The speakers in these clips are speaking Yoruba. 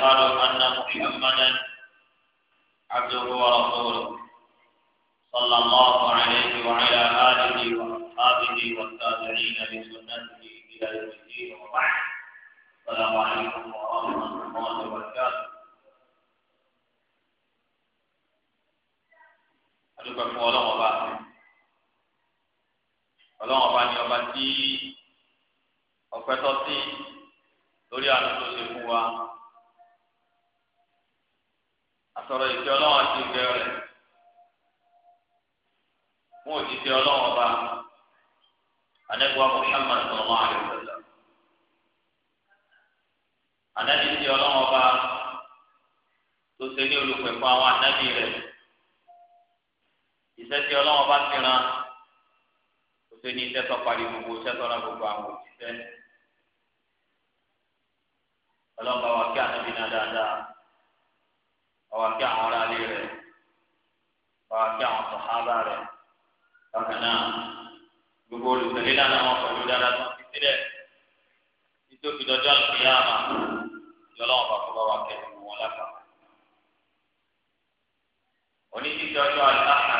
وأشهد أن محمدا عبده ورسوله صلى الله عليه وعلى آله وأصحابه والتابعين بسنته إلى يوم الدين وبعد السلام عليكم ورحمة الله وبركاته adúgbò fún ọlọ́wọ́n bá ọlọ́wọ́n bá ní ọba tí ọpẹ́ tọ́ sí lórí àdúgbò ṣe fún wa àtọ̀rọ̀ ìfẹ́ ọlọ́run àti ìfẹ́ rẹ̀ fún òjijì ọlọ́run ọba anẹ́gbọ́ Muhammad sallallahu alaihi wasallam anẹ́bí ti ọlọ́run ọba tó ṣe ní olùpẹ̀kọ àwọn anẹ́bí rẹ̀ iṣẹ́ ti ọlọ́run ọba ti ran tó ṣe ní iṣẹ́ tó gbogbo iṣẹ́ tó gbogbo àwọn òjijì ọlọ́run ọba wa kí anẹ́bí náà dáadáa ọwọ́ kí àwọn ará ilé rẹ̀ ọwọ́ kí àwọn sọ̀hábà rẹ̀ bákan náà gbogbo olùtẹ̀lé náà làwọn pẹ̀lú dáadáa tó ń fi sílẹ̀ nítorí dọ́jọ́ àlùfíà máa yọlọ́wọ́n bá kó bá wa kẹ́ ìlú wọn lápapọ̀. oníṣìṣẹ́ ọjọ́ àlùfáà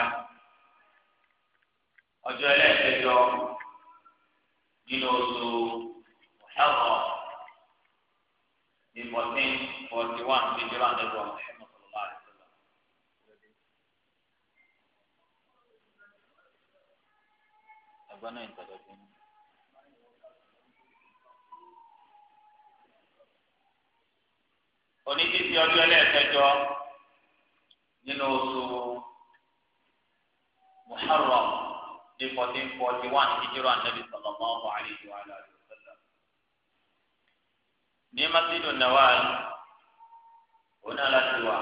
ọjọ́ ẹlẹ́ẹ̀kẹjọ nínú oṣù ọ̀hẹ́wọ̀ ní fourteen forty one ní ìjọba àdébọ̀ agbọ́nà ìtọ́jọ́ fi ń. onídìí ọjọ́ ẹlẹ́ẹ̀kẹjọ nínú oṣù muharram ní fourteen forty one hijira anabi sallallahu alayhi wa alayhi wa sallam ní masjidu nawal oní aláṣẹ wa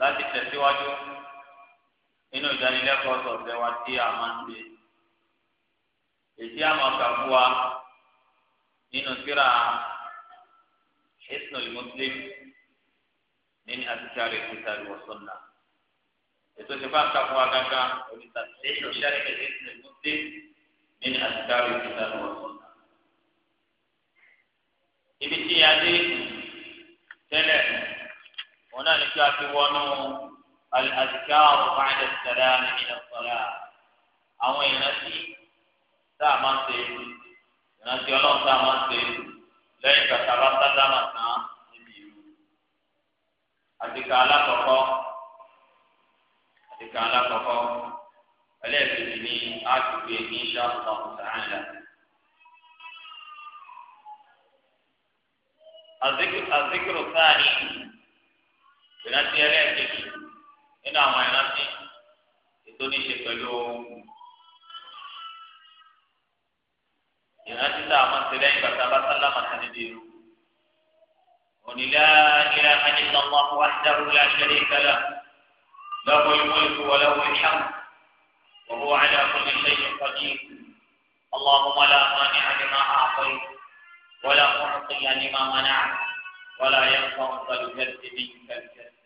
láti tẹ̀síwájú nínú ìdánilẹ́kọ̀ọ́ sọ̀tẹ̀ wa tí a máa ń ṣe èsì àmọ̀ọ́kà fún wa nínú síra hisnul muslim nínú àtúnṣe kitabi wa sunna ètò ìṣèpá ń kàfún wa gángan oníṣàtúnṣe ìṣẹ́rẹ́ hisnul nínú àtúnṣe kitabi wa sunna. ibi tí a dé tẹ́lẹ̀ wọn náà ní kí a ti wọnú. الأذكار بعد السلام من الصلاة àwọn ìrántí tá a máa ń ṣe ìrántí ọlọ́run tá a máa ń ṣe lẹ́yìn kàtà bá sádámà tán níbi ìlú àtìkà alákọ̀ọ́kọ́ àtìkà alákọ̀ọ́kọ́ ẹlẹ́ẹ̀kejì ni a ti gbé ní ṣáàpù sàánlá. àzíkìrò sáà ni ìrántí ẹlẹ́ẹ̀kejì. nínú àwọn ìrántí ètò ní ṣe pẹ̀lú ìrántí tá a máa ṣe lẹ́yìn bàtà bá sálámà sí níbi ìlú. قل لا إله إلا الله وحده لا شريك له له الملك وله الحمد وهو على كل شيء قدير اللهم لا مانع لما أعطيت ولا معطي لما منعت ولا ينفع ذا الجد منك الجد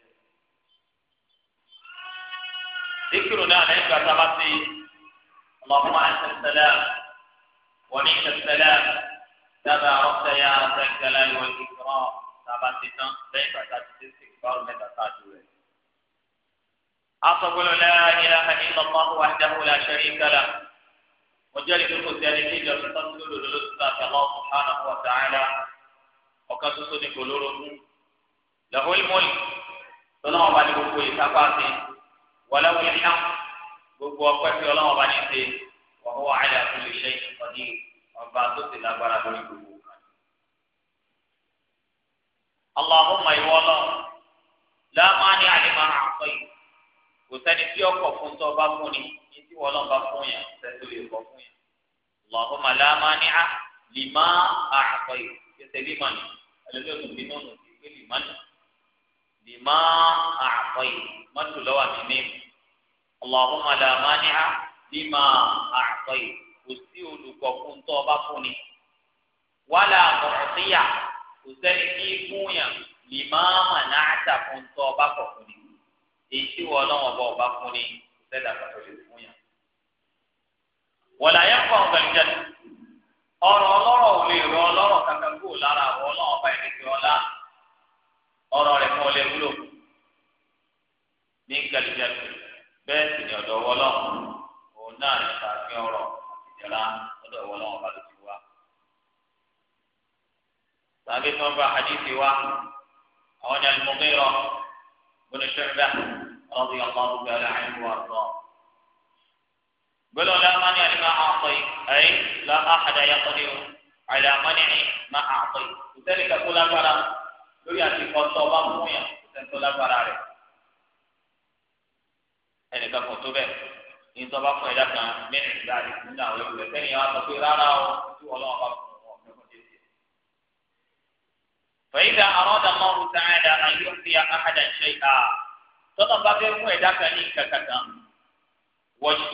ذكرنا عليك إيه؟ ليس تغطي اللهم أنت السلام ومنك السلام تباركت يا ذا الجلال والإكرام تباركت ليس تغطي استكبار متى أقول لا إله إلا الله وحده لا شريك له وجعل في الخزيان جرسة للرزق الله سبحانه وتعالى وقد تصدق له الملك فلا ما لكم كل wọlé wọlé hàn gbogbo ọpẹ́ tí Ọlọ́run bá ní ṣe wọn wọ àyà tó lè ṣe ìṣọkọ ní ọba tó ti lágbára lórí gbogbo kan. Allahumma ìwọ Ọlọ́run láàmú àní àlèmọ àkọ yìí kò sẹ́ni tí ọkọ fún tó ọba fún ni ní tí wọn lọ́n bá fún yẹn sẹ́tò lè kọ fún yẹn. Allahumma láàmú àní àlèmọ àkọ yìí kẹsẹ̀ lèmọ ni ẹlẹ́dẹ́ òtún bí náà nù sí pé lèmọ ni lèmọ àkọ yìí mọ́tò lọ́wọ́ àmì mímu. Allahumma la mani'a lima a'tayt kò sí olùkọ́ fún tó ọba fún ni wàlà mu'tiya kò sẹ́ni kí fúnyàn lima mana'ta fún tó ọba kọ̀ fún ni èyí tí wọ́n lọ́wọ́ bá ọba fún ni kò sẹ́ni àgbàdo lè fúnyàn. wàlà yẹn kọ́ ọ̀gbẹ́ni jẹ́nu ọ̀rọ̀ ọlọ́rọ̀ ò lè rọ ọlọ́rọ̀ kankan kúrò lára àwọn ọlọ́rọ̀ ọba ìrètí ọlá ọ̀rọ̀ rẹ̀ kọ́ ọ lè wúlò ní gàlígàlí bẹ́ẹ̀ sì ni ọ̀dọ̀ wọlọ́ òun náà ní sàfihàn ọ̀rọ̀ ìjọba ọ̀dọ̀ wọlọ́ ọba ló ti wá. sàbí tó ń bá hadithi wa àwọn ní alimọ̀gbẹ́rọ̀ gbọ́dọ̀ ṣẹ́fẹ́ ọ̀rọ̀dún yàtọ̀ ọ̀dún bẹ́ẹ̀ láàyè wà lọ. gbọ́dọ̀ lọ́wọ́ ní alimọ̀ àpẹ́ ẹ̀yí lọ́ àhàdà yàtọ̀ ní o àìlàmọ́ ní ma àpẹ́ ìtẹ́lẹ̀ kẹ́kọ́ lágbára lórí àti kọ́ńtọ́ ọba fún yàn ìtẹ́ńtọ́ lágbára rẹ̀. ẹnìkan kò tó bẹ́ẹ̀ ní tọ́ bá fún ẹ̀dá kan mẹ́rin ìgbà rẹ̀ nínú àwọn ewu rẹ̀ sẹ́yìn àwọn sọ pé rárá o tí wọ́n lọ́wọ́ bá fún fẹ̀yìntà àwọn ọ̀dà máa ń àyè ṣe bá fẹ́ fún ẹ̀dá kan ní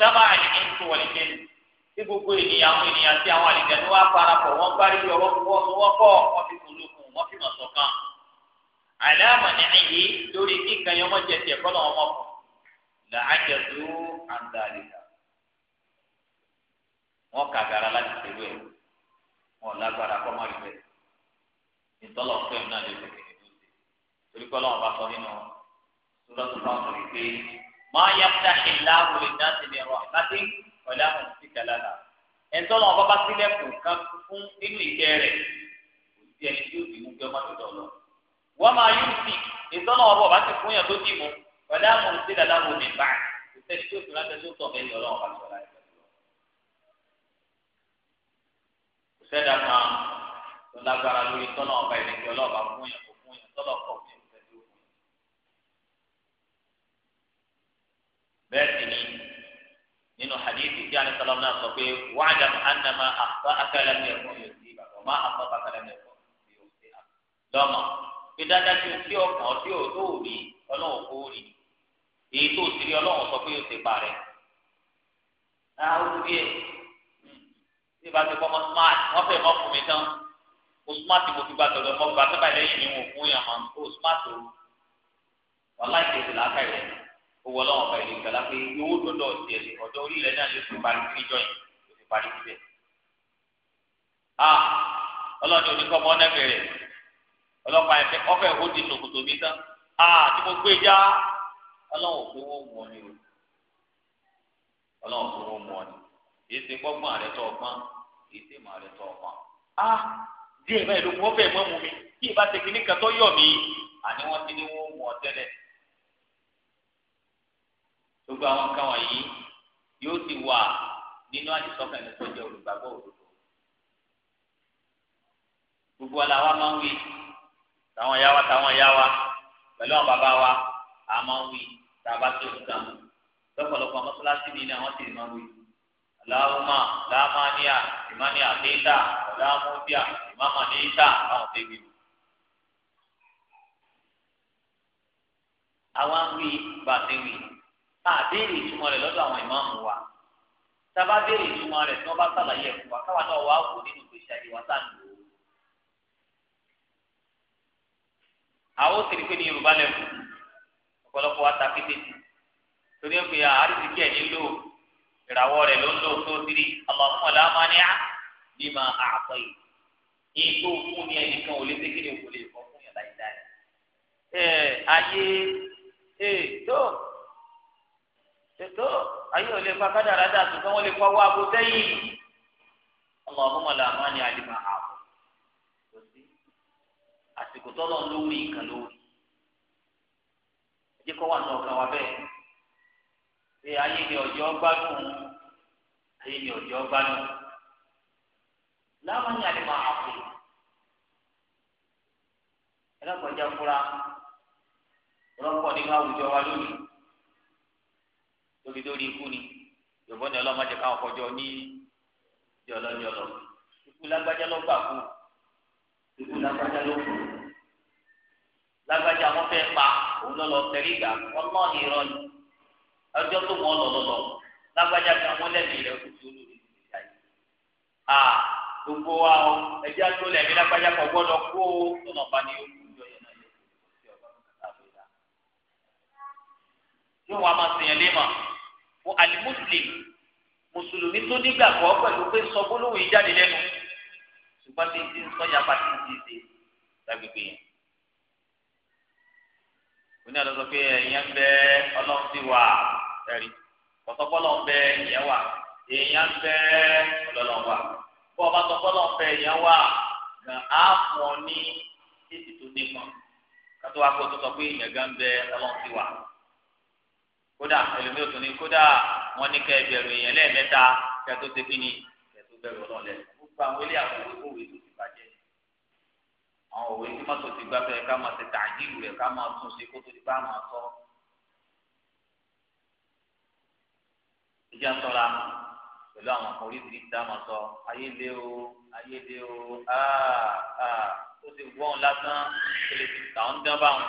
sábà àyè gbogbo ènìyàn làájẹdù àǹdàlìkà wọn kàgàrà láti tẹ̀lé ẹ̀ wọn lágbára kọ́ má rí bẹ́ẹ̀ ìtọ́lọ̀ fẹ́m náà lè fẹ́ kéde lóde torí pé ọlọ́run bá sọ nínú sọ́dọ̀tún bá sọ wípé máa yá fúdà ṣe láàrú lè dá sí ẹ̀rọ àbádé pẹ̀lú àwọn òṣìṣẹ́ lára ẹ̀tọ́lọ̀ bá bá sílẹ̀kùn kan fún nínú ìkẹ́ rẹ̀ òṣìṣẹ́ ẹni tí ó dì mú kí ọmọ dọ̀ lọ wọ́n máa yún sí ìtọ́lọ̀ ọ̀bọ̀ bá ti fún yàn tó dì mú wàlẹ́ àwọn ohun tí dada wò ní báyìí kò sẹ́ni tí òfin láti tó tọ̀ bẹ́ẹ̀ yọ ọlọ́run pàṣẹ láti pẹ̀lú ọ. kò sẹ́dá máa tó lágbára lórí tọ́nà ọba ìrìnkì ọlọ́ọ̀bá fún yàn kó fún yàn tọ́lọ̀ kọ̀ fún yàn pẹ̀lú òfin. bẹ́ẹ̀ sì ni nínú hadithi tí alẹ́ sọlọ́m náà sọ pé wàhálà anamá àfọ akálẹ́mí ẹ̀kọ́ yóò sí ìbàdàn àfọ akálẹ́mí ẹ̀kọ́ yóò sí ìbàdàn lọ́mọ pé dáadáa tí o tí ọkàn tí o tó rí ọlọ́run kó rí èyí tó ti rí ọlọ́run sọ pé yóò ti parẹ́ àwọn olùdíyẹ tí ìbá ti kọ́ mọ́ smart wọ́n fẹ́ mọ́ fún mi tán o smart mo fi gba tọ̀dọ̀ mọ́ gba tọ́ba lẹ́yìn ìwọ̀n fún yàn máa ń kó o smart o wọ́n láì tètè láàkà rẹ̀ o wọ ọlọ́run fẹ́ẹ́ lè gbàlá pé owó dọ́dọ̀ tiẹ̀ lè ọ̀dọ́ orí rẹ̀ náà lè fi parí sí ìjọ yìí lè fi parí síbẹ̀. a ọlọ́run oníkọ́ mọ́ nẹ́gbẹ̀rẹ̀ ọlọ́pàá ẹ̀fẹ́ ọ̀fẹ́ ọlọ́wọ́ pé wọ́n mú ọ o ọlọ́wọ́ pé wọ́n mú ọ ní èyí ti gbọ́gbọ́n rẹ tó ọgbọ́n èyí ti mọ̀ rẹ tó ọgbọ́n. a díẹ̀ báyìí ló wọ́n fẹ́ẹ́ mọ́ mu mi kí ìbá ṣe kíní kan tó yọ̀ mí àní wọ́n ti ní wọ́n mú ọ tẹ́lẹ̀. gbogbo àwọn kan wọ̀nyí yóò ti wà nínú àdìsọ́kàn ẹni tó olùgbàgbọ́ òdodo. gbogbo ọ̀la máa ń wí táwọn yá wa táwọn yá wa pẹ̀lú àwọn bàbá wa àmọ́ wí tàbá tó ń tàn lọ́pọ̀lọpọ̀ mọ́sálásí mi ni àwọn ti máa wí. aláwùmá lámánìá ìmánìá déta ọ̀làmúdíà ìmáàmà déta àwọn tẹ̀lé àwọn wí bá a ti wí àbéèrè ìtumọ̀ rẹ̀ lọ́dọ̀ àwọn ìmáàmù wa tàbá béèrè ìtumọ̀ rẹ̀ tí wọ́n bá sàlàyé ẹ̀kọ́ wa káwa náà wà á wò nínú ìgbésí ayé wa sáà nù. àwọn ó sì rí pé ní yorùbá lẹ́kùn ọ̀pọ̀lọpọ̀ wa ta kétéjì torí ẹ̀ pé àrísìkí ẹ̀ nílò ìràwọ̀ rẹ̀ ló ń lò tó tiri Allahumma la mani'a lima a'tayt yìí tó fún ni ẹnìkan ò lè dé kéde òkú lè fọ fún yàrá ìdá rẹ̀. ẹ ayé ẹ tó tó ayé ò lè fa kádàrá dà ṣùgbọ́n wọ́n lè fa wá abó sẹ́yìn Allahumma la mani'a lima a'tayt kò sí àsìkò tọ́lọ́ lórí ìkànnì lórí jẹ́ kó wà ní ọkàn wa bẹ́ẹ̀ pé ayé ni ọjọ́ gbádùn ayé ni ọjọ́ gbádùn láwọn yàrá máa hàpè ẹlẹ́kọ̀ọ́jà fúra rọ́pọ̀ nínú àwùjọ wa lónìí lórí lórí ikú ni yorùbá ni ọlọ́mọdé káwọn kọjọ ní jọlọjọlọ ikú lágbájá ló gbà kú ikú lágbájá ló kú lágbájá wọn fẹẹ pa òun lọ lọ tẹrí ìgbà ọmọ ìrọ ni ọjọ́ tó wọn lọ lọ lọ lágbájá kan wọn lẹbi rẹ kò tó lórí ìgbà yìí a gbogbo wa ọ ẹjẹ tó lẹbi lágbájá kan gbọ́dọ̀ kó tọnà bá ní ojú ìjọ yẹn náà yẹ kó tó ọgbà kàtà lórí ìlà yóò wá máa sèyàn lé mà fún alimuslim mùsùlùmí tó nígbàgbọ́ pẹ̀lú pé sọ gbólóhùn yìí lẹ́nu ṣùgbọ́n tí ń sọ yàgbá tí ń oní ọlọsọ pé ẹyẹ ń bẹ Ọlọ́run ti wà ẹrí kọsọpọlọ ń bẹ ẹyẹ wà ẹyẹ ń bẹ Ọlọ́run wà bó ọba sọpọlọ ń bẹ ẹyẹ wà gan á fún ọ ní títí tó nípa kátó wá kó tó sọ pé ẹyẹ gan ń bẹ Ọlọ́run ti wà kódà ẹlòmíì òtún ni kódà wọn ní kẹ ẹbẹrù ẹyẹ lẹ́ẹ̀mẹ́ta kẹtó tẹkínì kẹtó bẹ̀rù Ọlọ́run lẹ gbogbo àwọn ilé àwọn ìwé kòwé tó àwọn òwe tí mọ́tò ti gbá fẹ́ ká máa ṣe tàjílù rẹ̀ ká máa tún ṣe kó tó di bá máa sọ. ìjà sọra pẹ̀lú àwọn kan oríṣiríṣi dá máa sọ ayé lé o ayé lé o áà ó ti wọ́n lásán kí ti tà ń dán báwọn.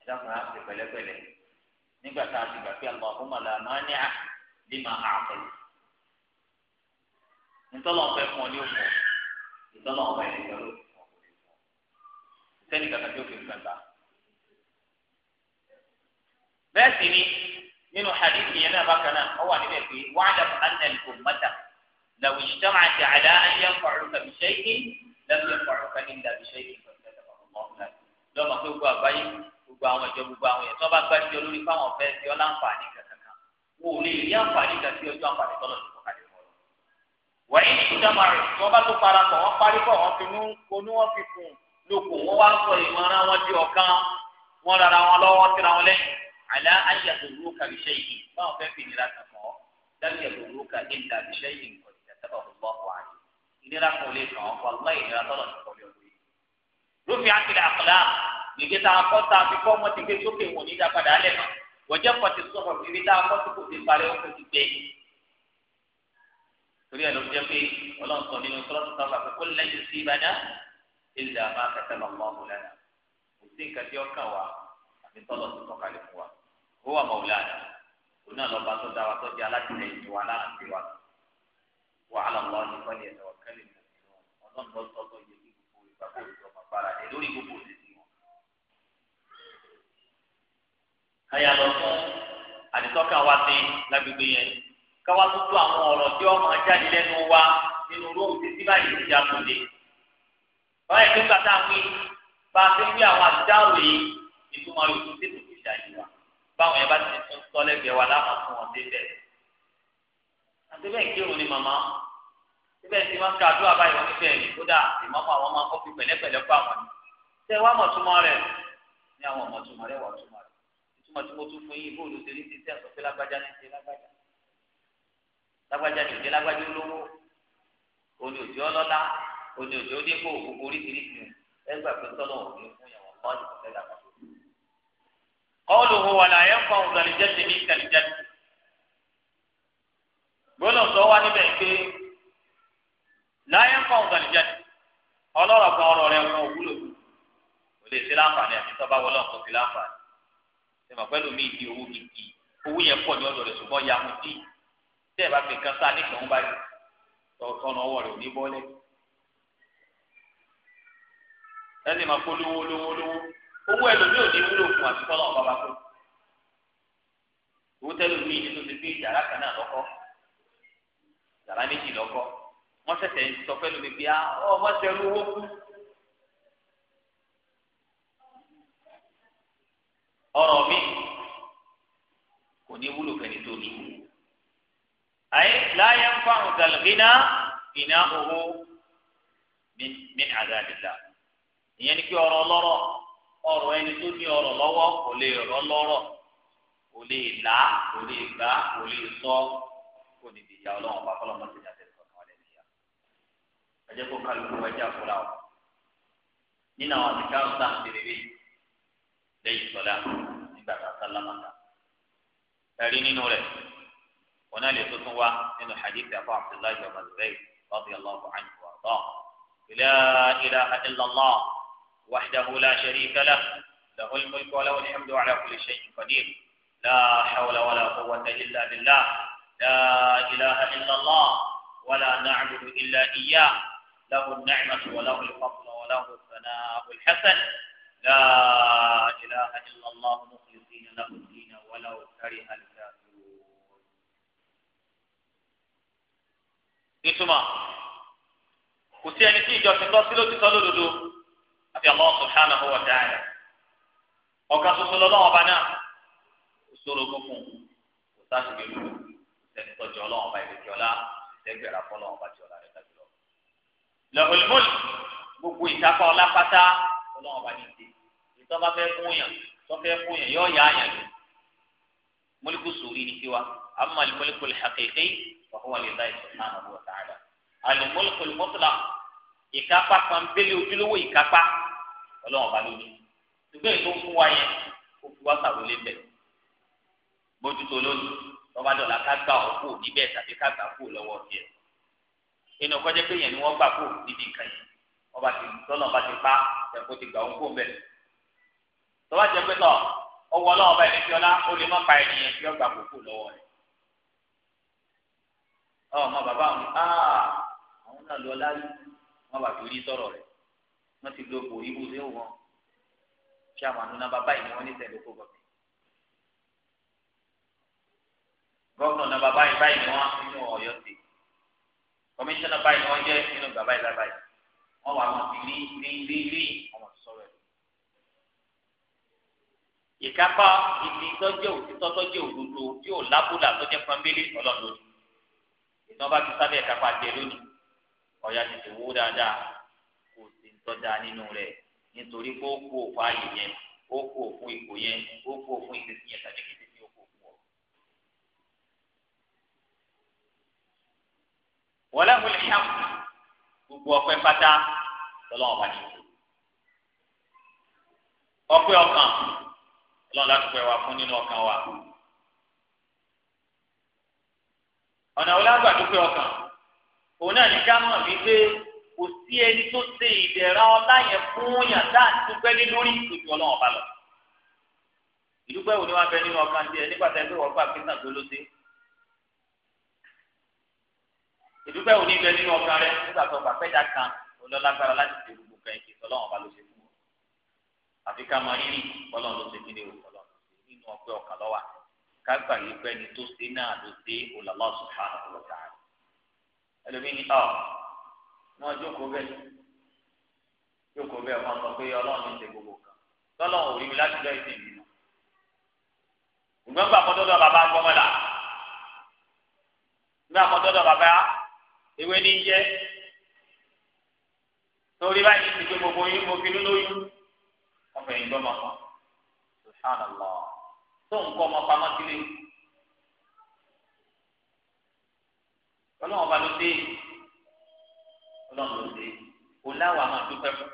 ìjà kan ṣe pẹ̀lẹ́pẹ̀lẹ́ nígbà tá a ti gbà pé àlọ́ àkómọ̀lá máa ní à lè máa àpẹ̀lẹ́. nítorí wọn fẹ́ fún ọ ní òkú ìtọ́nà ọ̀gá ẹ̀ nìkan ló fi wọn kò lè fún ọ. sẹ́ni kankan tí ó fi nǹkan gbà. bẹ́ẹ̀ sì ni nínú hadithi yẹn náà bákan náà ó wà níbẹ̀ pé wa'lam anna al-ummata law ijtama'at 'ala an yanfa'uka bi shay'in lam yanfa'uka illa bi shay'in lọ́mọ pé gbogbo àgbáyé gbogbo àwọn ìjọ gbogbo àwọn yẹn bá gbájú lórí fáwọn ọ̀fẹ́ tí wọ́n kankan wò lè rí àǹfààní kan sí ọjọ́ àǹfààní tọ́lọ̀ wọ́n yìí kú dàmárì tí wọ́n bá tó parapọ̀ wọ́n parí pọ̀ wọ́n fi onú wọn fi kùn lókun wọ́n wá sọ ìmọ̀ràn wọn di ọ̀kan wọ́n rara wọn lọ́wọ́ tira wọn lẹ́yìn àlá ayàtò lóka bí sẹ́yìn báwọn fẹ́ fi ìnira kan kọ́ dábìyàtò lóka ẹ̀ńdà bí sẹ́yìn nǹkan ìjàtàbà ọ̀gbọ́n wà ní ìnira kan lè kàn ọ́ wàlúwà ìnira tọ́lọ̀ ti kọ́lé ọ̀gbìn. lófin àkìlẹ̀ àkàlà gbègbè tá a kọ́ ta fi kọ́ ọmọ ti gbé sókè wò ní ìdápadà alẹ́ kan wọ́jẹ́ pọ̀ ti sọ̀rọ̀ ibi tá a kọ́ tó kò ti parí ó ti gbé torí ẹ ló jẹ pé ọlọ́run sọ nínú sọ́ọ́tù sábà pé kó lẹ́yìn sí ìbàdà ilẹ̀ àmà kẹtẹ́lọ̀ mọ́ mọ́lẹ́nà kò sí nǹkan tí ó kàn wá àti tọ́lọ̀ tó tọ́kalẹ̀ fún wa ó wà mọ́lẹ́nà òun náà lọ́ba tó dá wa tó jẹ́ alátìlẹyìn tó wà láàbí wa wàhálà wọn ni wọ́n yẹ lọ́wọ́ kẹ́lẹ́ ọlọ́run lọ sọ tó yẹ kí gbogbo ìgbàgbọ́ ìjọba fara dé lórí gbogbo òṣèlú wọn. àyà lọ fún àdìtọ́ka wa sí lágbègbè yẹn káwá tó tó àwọn ọ̀rọ̀ tí ọmọ jáde lẹ́nu wa nínú olóhùn títí báyìí ti jáde lé. báyìí tó kàtà wí bá a ti ń rí àwọn àdáwò yìí ìtumọ̀ yòókù sí kò ti ṣàyè wa báwọn yẹn bá ti tún tọ́lẹ́gbẹ̀ẹ́ wa láwọn fún wọn débẹ̀. àti bẹ́ẹ̀ kírun ni màmá síbẹ̀ tí wọ́n ká àdúrà báyìí wọn níbẹ̀ ni kódà ìmọ̀mọ́ àwọn máa kọ́ fi pẹ̀lẹ́pẹ̀lẹ́ fún àwọn ni. ṣé wàá mọ̀ túmọ̀ rẹ̀ ní àwọn ọmọ túmọ̀ rẹ̀ wà túmọ̀ rẹ̀ ìtumọ̀ tí mo tún fún yín bóòlù ṣe ní ti tẹ́ àsọ̀fẹ́ lágbájá ní ti lágbájá lágbájá ní òjò lágbájá olówó oní òjò ọlọ́lá oní òjò onígbò gbogbo oríṣiríṣi ẹgbà pé tọ́lọ̀ ò ní fún yàrá wọn ní ìfẹ́ dàgbà. kọ́ọ̀lù wọ̀lá ẹ̀ ń fa òǹdàlíjẹ́ ti ní ìkàlíjẹ́ gbọ́dọ̀ sọ wá níbẹ̀ pé láyé ń fa òǹdàlíjẹ́ ọlọ́rọ̀ kan ọ̀rọ̀ rẹ̀ wọn ò kò lè ṣe láǹfààní àti tọ́ba wọlé ọ̀kan sí láǹfààní ṣe mọ̀ pẹ́lú mi ìdí tẹ́ ẹ bá fi kan sáà nígbà wọn bá yẹ tọ̀tọ̀nà ọwọ́ rẹ̀ ò ní bọ́lẹ̀. ẹ sì máa kó lówó lówó lówó owó ẹlòmíì ò ní wúlò fún àti tọ́lá ọ̀bá bá tó. owó tẹ́lòmíì ní tó ti gbé yàrá kan náà lọ́kọ́ yàrá méjì lọ́kọ́ wọ́n ṣẹ̀ṣẹ̀ sọ fẹ́ lómi pé ọmọ tẹ lówó kú. ọ̀rọ̀ mi kò ní wúlò fẹ́ni tó ní wúlò. أي لا ينفع ذا الغنى غناؤه من من عذاب الله يعني كي أرى لرى ọ̀rọ̀ ẹni tó ní ọ̀rọ̀ lọ́wọ́ kò lè rọ lọ́rọ̀ kò lè là kò lè gbà kò lè sọ kò ní ìdíjà Ọlọ́run bá fọlọmọ sí ìyàtọ̀ ìkọkàn ọlẹ nìyà ẹjẹ kó kálukú wájú àfúrà ọ nínú àwọn àbíká ọsà tèrèrè lẹ́yìn sọlá nígbà tá a sálámà ká ẹrí nínú rẹ̀. wọn lè tuntun wa nínú hadith abu abdullahi wa mazurai radiyallahu anhu wa dọ́ la ilaha illallah wahdahu la sharika lah lahu almulku wa lahu alhamdu ala kulli shay'in qadir la hawla wa la quwwata illa billah la ilaha illallah wa la na'budu illa iyyah lahu an-ni'matu wa lahu al-fadlu wa lahu al-thana'u al-hasan لا إله إلا الله مخلصين له الدين ولو كره الكافرون ìtumọ̀ kò sí ẹni tí ìjọsìn tọ́ sí lótìtọ́ lódodo àfi Allah subhanahu wa ta'ala ọ̀gá tuntun lọ́lọ́wọ́ ọba náà kò sóró fúnfún kò sáṣìkè lóru sẹ́ni tọ́jú ọlọ́wọ́ ọba ìrètí ọlá ẹgbẹ̀rẹ̀ afọlọ́wọ́ ọba ti rẹ̀ dájú lọ. Lahul gbogbo ìtakọ̀ ọlá ọlọ́wọ́ ọba ní ti ìtọ́ba fẹ́ fún yàn tó fẹ́ fún yàn yọ wàhùwà lè láì sọ̀tàn àwọn ọ̀tá àdá. àlùmọ́lùkù mọ́tòlá ìkápá pàmpélé ojúlówó ìkápá ọlọ́wọ́n bá lóní. ṣùgbọ́n ètò ń fún wa yẹn kó fi wá sàrólé bẹ̀. mójútó lónìí lọ́ba dọ̀là ká gbà ọ́ kó níbẹ̀ tàbí ká gbà kó lọ́wọ́ tiẹ̀. inú kọjá pé yẹn ni wọ́n gbà kó níbi nǹkan yẹn ọba ti tọ́nà ọba ti pa ẹ̀kọ́ ti gbà ó kó bẹ̀. tọ́ba jẹ́ pé náà ọwọ́ ọlọ́wọ́ bá ẹni fi ọlá ó lè má pa ẹni yẹn fi ọgbà kó kó lọ́wọ́ rẹ̀ ọmọ bàbá wọn aa àwọn náà lọ láyé wọn bá torí sọ̀rọ̀ rẹ̀ wọn ti lo bò ibò sí wọn kí àwọn àdúrà bàbá yìí ni wọn ní tẹ́lẹ̀ kó bọ gọvnọ náà bàbá yìí báyìí ni wọn nínú Ọ̀yọ́ ti kọmíṣánná báyìí ni wọn jẹ nínú bàbá yìí lábàá yìí wọn wà wọn ti rí rí rí rí ọmọ sọ̀rọ̀ rẹ̀ ìkápá ibi tọjẹ òtítọ́ tọjẹ òdodo yóò lábúlà tọjẹ pọnbélé ọlọdọdún ìtọ́ba ti sábẹ̀ kápá jẹ lónìí ọ̀yà tètè wó dáadáa kò sí ntọ́jà nínú rẹ̀ nítorí pé ó kú òfò ààyè yẹn ó kú òfò ipò yẹn ó kú òfò ìdísí yẹn tàbí kìtì tí ó kú òfò. wọlé wọlé ṣáà gbogbo ọpẹ́ pátá lọ́lọ́wọ́ bá nìyẹn ọpẹ́ ọkàn lọ́nà láti pẹ́ fún nínú ọkàn wa. ọ̀nà ọ̀làgbà dúpẹ́ ọkàn òun náà ní ká mọ̀ wípé kò sí ẹni tó ṣe ìdẹ̀ra ọlá yẹn fún yàn tá à ń dúpẹ́ lé lórí ìtòjú ọlọ́wọ́n bá lọ. ìdúpẹ́ wo ni wọ́n fẹ́ nínú ọkàn tiẹ̀ nígbà tá ẹgbẹ́ wọ́pọ̀ àfihàn tó ló dé. ìdúpẹ́ wo ni ibẹ̀ nínú ọkàn rẹ nígbà tó pàpẹ́ dà kan olólágbára láti ṣe gbogbo kan ìkí ọlọ́wọ́n bá ló ṣe fún wọn. àfi ká mọ ọlọ́run ló ṣe kí kágbà yìí pé ẹni tó ṣe náà ló ṣe Allah subhanahu wa ta'ala ẹlòmíní ọ wọn jókòó bẹ́ẹ̀ jókòó bẹ́ẹ̀ wọn sọ pé Ọlọ́run ń ṣe gbogbo kan tọlọ́run ò rí mi láti lọ ìsìn mi nù ìgbọ́n gbà kọ́tọ́dọ̀ bàbá gbọ́mọ́là gbà kọ́tọ́dọ̀ bàbá ewé ní jẹ́ torí báyìí ti gbé gbogbo yín mo fi nínú yín wọn fẹ̀yìn gbọ́mọ̀ kan subhanallah tó nǹkan ọmọ pamọ́ sílé ọlọ́wọ́n ọba ló dé ọlọ́wọ́n ló dé oláwọ̀ àmọ́ dúpẹ́ fún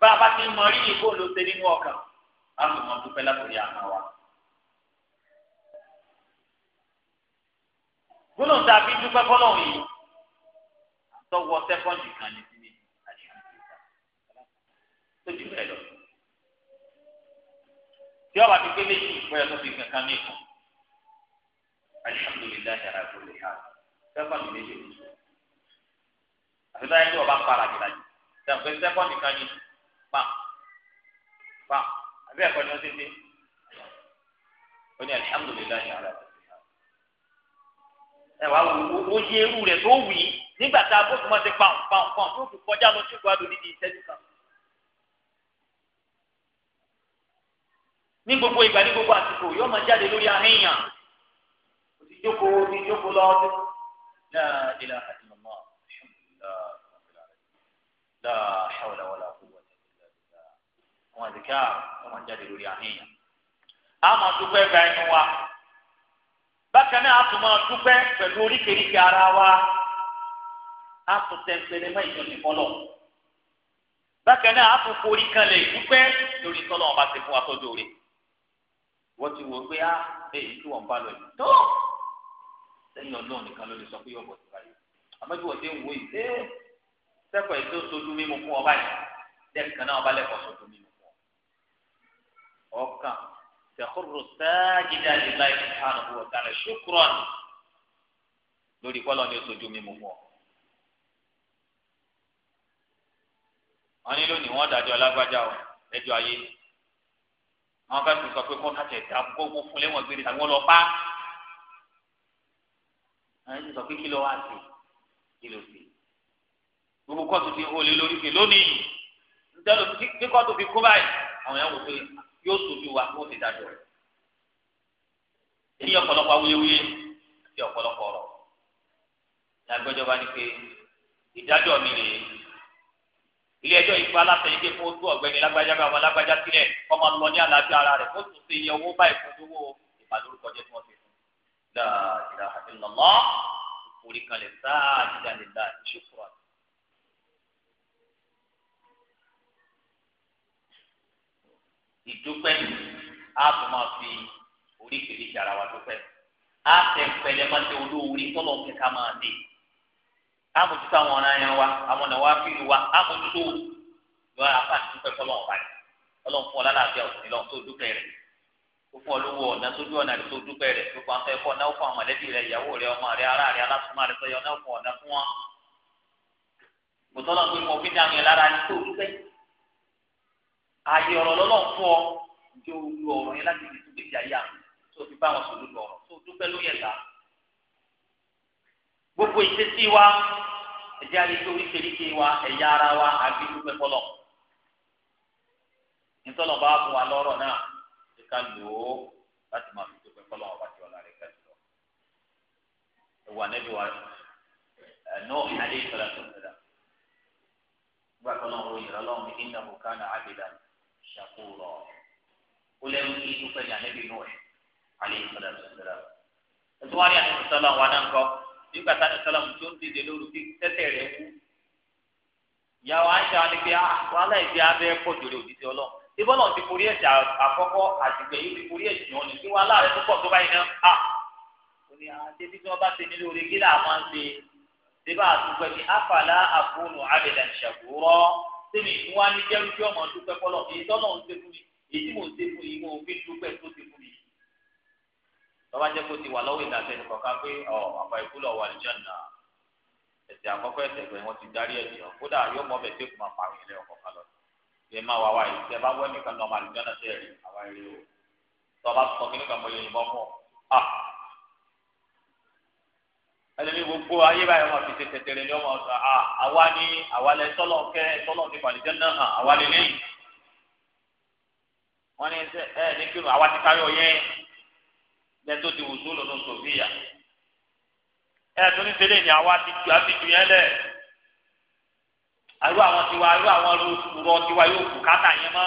bá a bá ti mọ rí ìbò ló ṣe nínú ọkàn á lò mọ dúpẹ́ látòrí àná wa. gbọ́dọ̀ tá a fi dúpẹ́ fọlọ́run yìí àtọwọ́ sẹ́kọ́ǹdì kan ní sí ní àṣìṣe ìgbà tó jù bẹ́ẹ̀ lọ tí ọba ti gbé méjì bóyá tó fi kankan ní ìfún alihamudulilayi ara kò lè ha sẹkọndì méjì ló sọ àfi táyà tí ọba ń para jìlá jù sẹkọndì sẹkọndì kan ní pam pam àbí ẹ̀kọ́ ni wọ́n ti dé ó ní alihamudulilayi ara kò lè ha ẹ wá wo oye eru rẹ tó wì nígbà tá a bó tó máa ti pam pam pam tó fi kọjá lọ sí ìgbàdo ìṣẹ́jú kan. ní gbogbo ìgbà ní gbogbo àsìkò yóò máa jáde lórí ahẹ́yàn òtí jókòó òtí jókòó lọ ọdún náà ìlà àdìmọ́mọ́ la hawla wala quwwata illa billah àwọn àdìkà wọn máa jáde lórí ahẹ́yàn. a máa dúpẹ́ gba ẹnu wa bákan náà a tún máa dúpẹ́ pẹ̀lú oríkèéríkèé ara wa a tún tẹ̀ pẹ̀lẹ́ mọ́ ìjọsìn fọlọ́ bákan náà a tún forí kan lè dúpẹ́ lórí tọ́lọ́ wọn ti fún wa tọ́jú rẹ̀ wọ́n ti wò pé á èyí tí wọ́n bá lọ yìí tó lẹ́yìn ọlọ́run nìkan ló lè sọ pé yóò bọ̀ sí báyìí àmọ́ bí wọ́n ti ń wo yìí ṣé eh, sẹ́kọ̀ èyí tó sojú mímu fún ọ báyìí lẹ́ẹ̀kan náà ọba lẹ́kọ̀ọ́ sojú mímu fún ọ. ọkàn tẹ̀kúrò sáájídá lè láì sùpánù fún ọ̀tá rẹ̀ ṣùkúrọ̀n lórí kọ́lọ́ ní sojú mímu fún ọ. wọ́n ní lónìí wọ́n dájọ́ lágbájá ẹjọ́ ayé àwọn bá tún sọ pé kó hàtẹ̀ dá gbogbo fún lẹ́wọ̀n gbére tàbí wọ́n lọ pa àwọn ti sọ pé kí ló wá sí kí ló sí gbogbo kóòtù ti hó lé lórí pé lónìí ntẹ́lò tí kóòtù fi kó báyìí àwọn yẹn wò pé yóò sojú wa kó o ti dájọ́ rẹ̀ èyí ọ̀pọ̀lọpọ̀ awuyewuye àti ọ̀pọ̀lọpọ̀ ọ̀rọ̀ ní agbẹjọba ni pé ìdájọ́ mi rèé ilé ẹjọ́ ìfọ alátẹ̀yìn pé fún ojú ọ̀gbẹ́ni lágbájá bá wọn lágbájá sílẹ̀ ọmọ lọ ní àlàáfíà ara rẹ̀ kó tún ṣe iye owó báyìí fún owó ìbàlórúkọ jẹ́ tí wọ́n fi fún la ilaha illallah orí kan lè sáà jíjà lè dá ìṣòkòrò àti. ìdúpẹ́ á tún máa fi oríkèéríkèé ara wa dúpẹ́ á tẹ̀ pẹlẹmọ́tẹ́ olówó orí tọ́lọ́ kẹ́kẹ́ máa dé amójútó àwọn ọ̀nà yẹn wa àwọn ọ̀nà wa fi wa amójútó yọ apá àtúntò ẹ̀kọ́ lọ́wọ́ báyìí ọlọ́run fún ọ lálàáfíà òsì lọ́wọ́ tó dúpẹ́ rẹ̀ ó fún ọ lówó ọ̀nà tó dú ọ̀nà rẹ̀ tó dúpẹ́ rẹ̀ tó fún akẹ́kọ̀ọ́ náà fún àwọn ẹlẹ́bí rẹ̀ ìyàwó rẹ̀ ọmọ rẹ̀ ará rẹ̀ alásùnmọ́ rẹ̀ sọyọ náà fún ọ̀nà fún wọn. bùtọ́lọ́ pé mo fi dáhùn yẹn lára ní tó dúpẹ́ ààyè ọ̀rọ̀ lọ́lọ́run fún ọ gbogbo ìṣesí wa ẹjẹ́ àyè tó oríṣiríṣi wa ẹ̀yà ara wa àbí dúpẹ́ fọlọ́ nítorí ọba fún wa lọ́rọ̀ náà ṣe ká lò ó láti máa fi dúpẹ́ fọlọ́ ọba tí ọ̀la rẹ̀ ká jùlọ. ẹ̀wà nẹ́bí wa ẹ̀nọ́ ìyáálé ìfẹ́lá tó ń tẹ̀lé gbà tó lọ́wọ́ ìrọ̀ lọ́wọ́ mi nígbà kó ká náà àbẹ̀dá ṣàkóso ó lẹ́nu kí dúpẹ́ ní ànẹ́bí nù ẹ̀ àlẹ́ ìfẹ́lá tó ń tẹ̀lé. ẹ̀tọ́ wa ní àtẹ̀sọ́lá wa náà ń kọ́ nígbà tá a ní sọlá tó ń dìde lóru kí tẹ́tẹ̀ rẹ̀ wú. ìyàwó àṣà ni pé ah, wàhálà ìdí abẹ́ pọ̀ jòrè òdìdí ọlọ́run tí bọ́lá ti forí ẹ̀ṣẹ̀ àkọ́kọ́ àtìgbẹ́ yìí ti forí ẹ̀ṣẹ̀ wọn ni kí wàhálà rẹ̀ tó pọ̀ tó báyìí náà à ah! ó ní àti ah, bí wọ́n bá ti nílò rẹ̀ kí là máa ń ṣe síbà àtúgbẹ́ ni àfàlà àfọ̀nù abẹ̀dàn ṣàkúrọ̀ tí tọ́ba jẹ́ kó ti wà lọ́wọ́ ìdásẹ́ nìkan ká pé ọ àpá ikú lọ́wọ́ àlùjáná ẹ̀sẹ̀ àkọ́kọ́ ẹ̀sẹ̀ pé wọ́n ti darí ẹ̀jẹ̀ ọ̀ kódà yóò mọ bẹ̀ tẹ́kùn máa pààrọ̀ ilé ọkọ̀ kan lọ. ẹ máa wá wáyé tẹ bá wẹ́ẹ̀mí kan lọ́mọ àlùjáná tẹ̀ rí àwa rí o tọ́ba sọ kí nìkan mọ yẹyìn bọ́ fún ọ. Ah! ẹlẹ́mi gbogbo ayé báyọ̀ wọn fi tètè tẹ̀lé ní ọmọ ọ̀sán ni àwa lẹ tọ́lọ̀ kẹ́ tọ́lọ̀ ní lẹ́tọ́ ti wùsùn lọ́nà sòfíà ẹ̀ tó ní sẹ́lẹ̀ ní àwa ti ju àti ju yẹn lẹ̀ àlọ́ àwọn tiwa àlọ́ àwọn olùkúrọ̀ tiwa yóò kú káta yẹn mọ́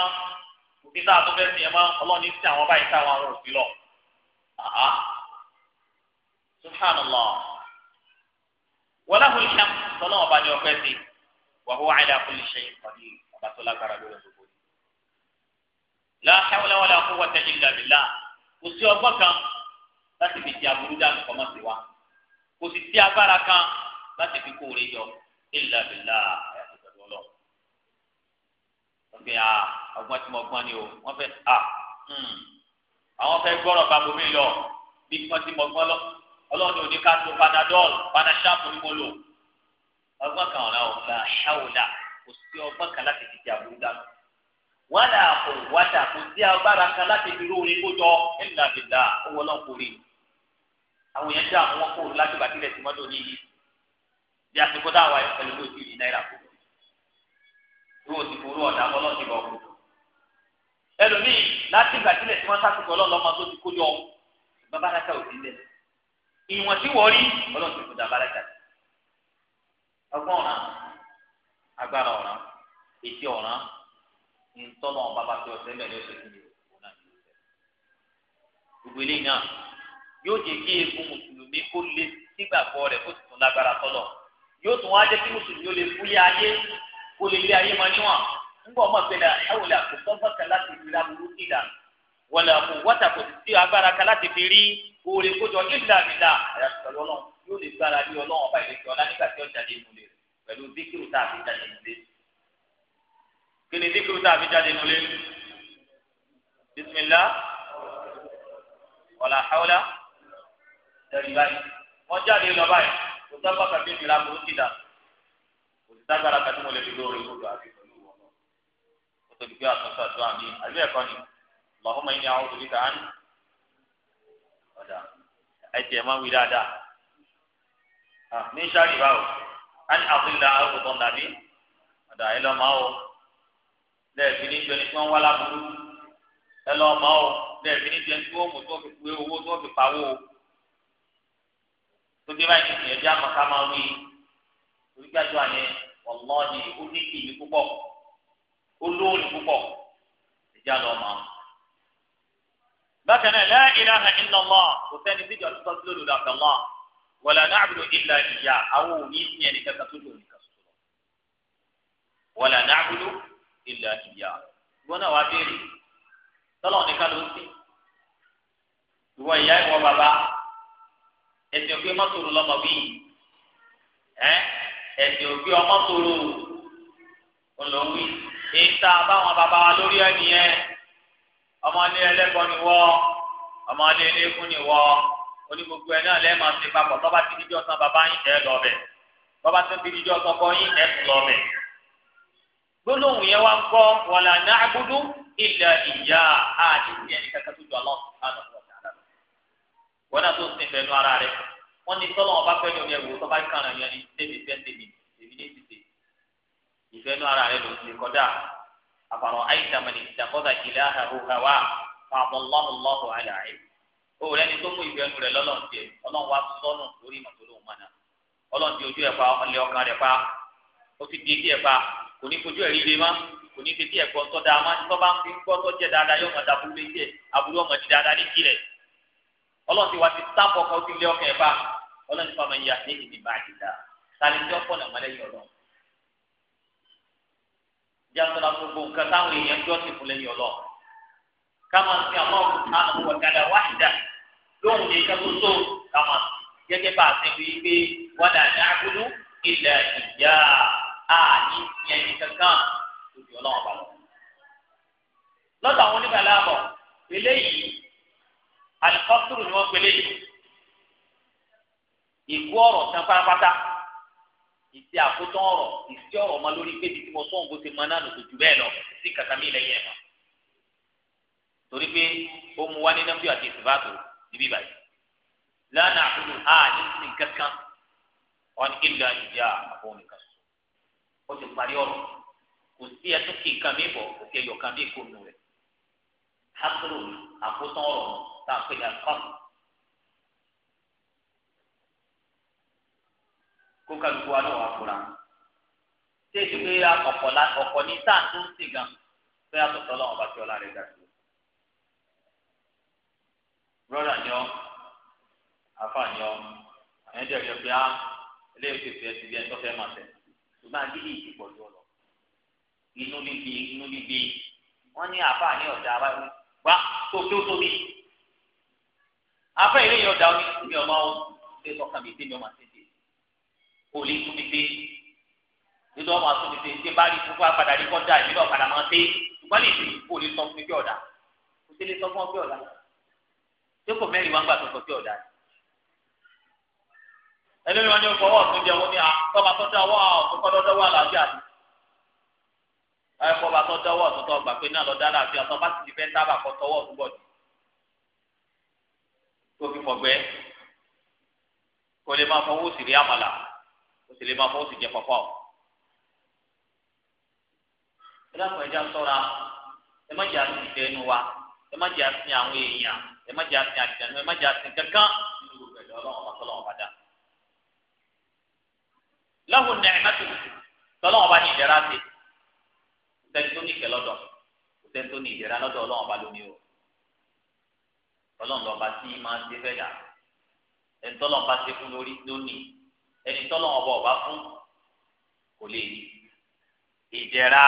òfin tá a tó fẹ́ sìn yẹn mọ́ ọlọ́ọ̀ni sí àwọn báyìí táwọn àwọn òfin lọ. subhanallah wọlé àwọn ìṣẹ́ tọ́lá ọba ni ọpẹ́ sí wa huwa ala kulli shay'in qadir ọba tó lágbára lórí ọdún. la hawla wala quwwata illa kò sí ọgbọ́n kan láti fi ti aburú dànù kọ́mọ́ sí wa kò sì sí agbára kan láti fi kó orí yọ illa billah àyàtọ̀ pẹ̀lú ọlọ́ ọgbẹ́ a ọgbọ́n tí mo gbọ́n ni o wọ́n fẹ́ a hmm, àwọn fẹ́ gbọ́rọ̀ bàbá mi lọ bí wọ́n ti mọ̀ gbọ́n lọ ọlọ́run ò ní ká tó panadol panashap ní mo lò ọgbọ́n kan ọ̀la ọ̀la ṣáwòlà kò sí ọgbọ́n kan láti fi ti aburú dànù wàdà kò wàdà kò sí agbára kan láti fi rú orin kó jọ illa billah owó ọlọ́run kò àwọn èèyàn dá àwọn kó lájú bàtí sí níyì bí dáwà náírà kó o ti ọ̀dà bọ̀ kó ẹlòmíì láti bàtí rẹ̀ sí mọ́tò àsìkò ọlọ́lọ́mọ tó ti kójọ babalaka ò sí lẹ̀ ìwọ̀n tí wọ́n rí ọlọ́run ti kó dá babalaka ọgbọ́n ọ̀ràn agbára ọ̀ràn ètí ọ̀ràn ọ̀sẹ̀ mẹ́rin ọ̀sẹ̀ yóò jẹ́ kí egun mùsùlùmí kó lè sígbàgbọ́ rẹ̀ kó sì tún lágbára tọ́lọ̀ yóò tún wá jẹ́ kí mùsùlùmí ó lè fúlé ayé kó lè lé ayé máa níwọ̀n ńgbọ́ ọmọ ìpínlẹ̀ ẹ̀wọ̀n lè àkókò fọ́ọ̀kà láti rí aburú sí ìdá wọ́n lè àkókò wọ́tà kò sì sí agbára kan láti fi rí oore kójọ ìdá ìdá àyàtọ̀ lọ́nà yóò lè gbára lé ọlọ́wọ́n ọba ìrètí ọ̀la nígbà tí ó jáde ìmúlẹ̀ pẹ̀lú díkìrù kí tẹ̀lé báyìí wọ́n jáde lọ báyìí kò sábà kàbí mi làbúrú ti dà kò sí sábà kàbí mo lè fi lóore kódò àbí pẹ̀lú wọn lọ kó tóbi pé àtúntò àdúrà mi àbí ẹ̀kọ́ ni lọ́hùnmọ́ yín ni àwọn olùdíkà á ní ọ̀dà ẹ̀jẹ̀ máa wí dáadáa ní sáré báwo á ní àfihàn àwọn ọ̀dọ́ nàbí ọ̀dà ẹ̀ lọ́ máa wọ lẹ́ẹ̀fin ní ìjọ ni pé wọ́n wá lábúrú ẹ̀ lọ́ máa wọ lẹ́ẹ̀fin ní ìjọ ni pé wọ́n mú tó fi pé owó tó fi pawó o tó dé báyìí nìyẹn jẹ́ àmọ́ ká máa wí torí gbàdúrà àná ọlọ́ọ̀ni ó ní ìlú púpọ̀ ó lóòrì púpọ̀ ìjà lọ mọ́. bákan náà la ilaha illallah kò sẹ́ni tíjọ́ tó tọ́jú lòdù àfẹ́lọ́ wala na'budu illa ìyá àwọn òní ìsìn ẹni kẹta tó lòdì kan sọ̀rọ̀ wala na'budu illa ìyá gbọ́n wá béèrè tọ́lọ́ ní ló ń sìn ẹsìn òkè mọ́tòrò lọ́mọ bíi ẹ ẹsìn òkè ọmọ́tòrò olówí ìta báwọn bàbá wa lórí ẹni yẹn ọmọdé ni wọ ọmọdé ẹlẹ́kùn ni wọ onígbogbo ẹ náà lẹ́ẹ̀ma ṣe ti di bàbá lọ ti di lọ gbólóhùn yẹn wá ń àti ìyẹn ní tó wọn náà tó sin fẹnu ara rẹ wọn ní tọ́lọ́ wọn bá fẹ́ lómi ẹ̀wò tó bá kàn án yẹn ní tèmi fẹ́ tèmi tèmi ní ti tè ìfẹ́nu ara rẹ ló ti kọjá àfàrọ̀ àìsàmọ̀lì ìdàkọ́dà ìlà àhùhàwà fàbọ̀lọ́hùnlọ́hù àlàyé òun rẹ ni tó mú ìfẹ́nu rẹ lọ́lọ́n tiẹ̀ ọlọ́run wa sọ́nù lórí màtòlóhùn mọ́nà kò ní fojú ẹ̀ ríire má tọ́ da má tọ́ bá ń fi gbọ́ tọ́ jẹ́ dáadáa yóò mọ̀ dàbúrú létí ẹ̀ àbúrú ọmọ ti dáadáa ní kílẹ̀ ọlọ́run ti wá ti sábọ kan ó ti lé ọkẹ bá ọlọ́run ti fọmọ ìyá ní ìdí bá àdìdá tani tí ọkọ náà mọlẹ yọ lọ jásọlá gbogbo nǹkan táwọn èèyàn jọ ti fúnlẹ yọ lọ káma sí àwọn àná wọ̀gádà wáhídà lóhùn ní ìka tó tó káma gẹ́gẹ́ bá a ti fi gbé wàdà ní agudu ilẹ̀ ìyá àní ìyẹn kankan lọ́dọ̀ àwọn oníbàlẹ̀ àbọ̀ eléyìí alikọ́sùrù ni wọ́n pèlè yìí ìkú ọ̀rọ̀ tán pátápátá ìsì àkótán ọ̀rọ̀ ìsì ọ̀rọ̀ ma lórí pé bíi tí mo sọ̀hún bó ti mọ náà lòtò jù bẹ́ẹ̀ lọ sí kàtà mí lẹ́yìn ẹ̀ mọ́ torí pé ó mu wá ní nọ́mbí àti ìsìbáàtò níbí báyìí lánàá àkúrò á ní sí kankan wọn ìlú àyíjá àbọ̀n nìkan sọ ó ti parí ọ̀rọ̀ kò sí ẹtún kí nǹkan mi bọ̀ kò sí ẹyọ bí kò rẹ̀ hásùrù àkótán ọ̀rọ̀ táwọn pè ní akọ́m. kó kálukú wa náà wà fúra ṣé èsì pé ọ̀pọ̀ ní sáà tó ń sè gan pé àtọ̀tọ̀ lọ́wọ́ bá ti ọ̀la rẹ̀ dà sí. rọ́lá ni ọ́ àfa ni ọ́ àyẹ̀ dẹ̀ yọ pé á ah, eléyìí ti fi ẹsẹ̀ bí ẹ tó fẹ́ máa tẹ̀ ṣùgbọ́n agídí ìdìbò yóò lọ inú líbi inú líbi wọ́n ní àfa ní ọ̀dà wa gbá tó tó tóbi afẹ́ ilé yẹn ọ̀dà omi mi ọmọ ọ̀hún ṣe sọ́kàn mi tẹ́mi ọmọ àtẹ́tẹ́ kò lè tún mi dé nínú ọmọ àtúntò ṣe ṣe bá rí gbogbo àpàdà rí kọjá ìlú ọ̀kadà máa dé ṣùgbọ́n lè fi kò lè sọ fún mi bí ọ̀dà kò sí lè sọ fún ọ bí ọ̀dà ṣé kò mẹ́rin wọn gbà tó sọ bí ọ̀dà ẹni wọn ní ọkọ ọwọ́ ọ̀tún jẹ ní àkọ́bà tó dáwọ́ ọ̀tún kọ́ lọ́dọ́wọ́ àlàáfíà ẹ̀kọ́bà tó dáwọ́ ọ̀tún tó gbà pé náà lọ́dọ́ àlàáfíà tó bá ti fẹ́ sábà kọ́ tọwọ́ ọ̀tún bọ̀dù kó fi fọ̀gbẹ́ kó lè máa fọwọ́ sí rí àmàlà kó sì lè máa fọwọ́ sí jẹ pọ̀pọ̀. ẹ dákun ẹja ṣọ́ra ẹ má jẹ́ àti ìfẹ́ inú wa ẹ má jẹ́ àti àwọn èèyàn ẹ má jẹ́ àti àdìdánù ẹ má jẹ́ àti kankan nínú gbogbo ẹ̀dọ́ ọlọ́run ọba tọ́lọ́run ọba dá. lọ́hùn nẹ̀ẹ́mẹ́tò tọ́lọ́run ọba ní ìdẹ́ra ti kò tó ní ìkẹ́ lọ́dọ̀ tó ní ìdẹ́ra lọ́dọ̀ ọlọ́run ọba lónìí o ọlọ́run lọ́ba tí máa ń ṣe fẹ́ dà ẹni tọ́lọ́run bá ṣe fún lórí lónìí ẹni tọ́lọ́run ọba ọba fún kò lè rí ìdẹ̀ra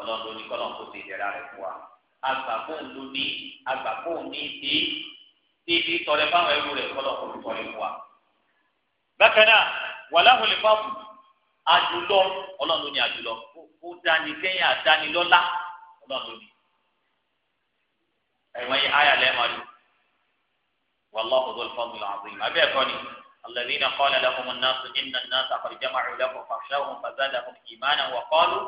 ọlọ́run ló ní kọ́lọ́run kó ṣe ìdẹ̀ra rẹ̀ fún wa agbàgbóhùn ló ní agbàgbóhùn ní ìdí tí ìdí tọrẹ fáwọn ẹrú rẹ̀ kọ́lọ́run kó tọrẹ fún wa. bákan náà wàláhùn lè fà fún àjùlọ ọlọ́run ló ní àjùlọ kó dání kẹ́yìn àdánilọ́lá ọlọ́run ló ايوه ẹ̀wọ̀n ايه ayà lẹ́ẹ̀mọ́lì والله ذو الفضل العظيم أبي أكوني الذين قال لهم الناس إن الناس قد جمعوا له فاخشوهم فزادهم إيمانا وقالوا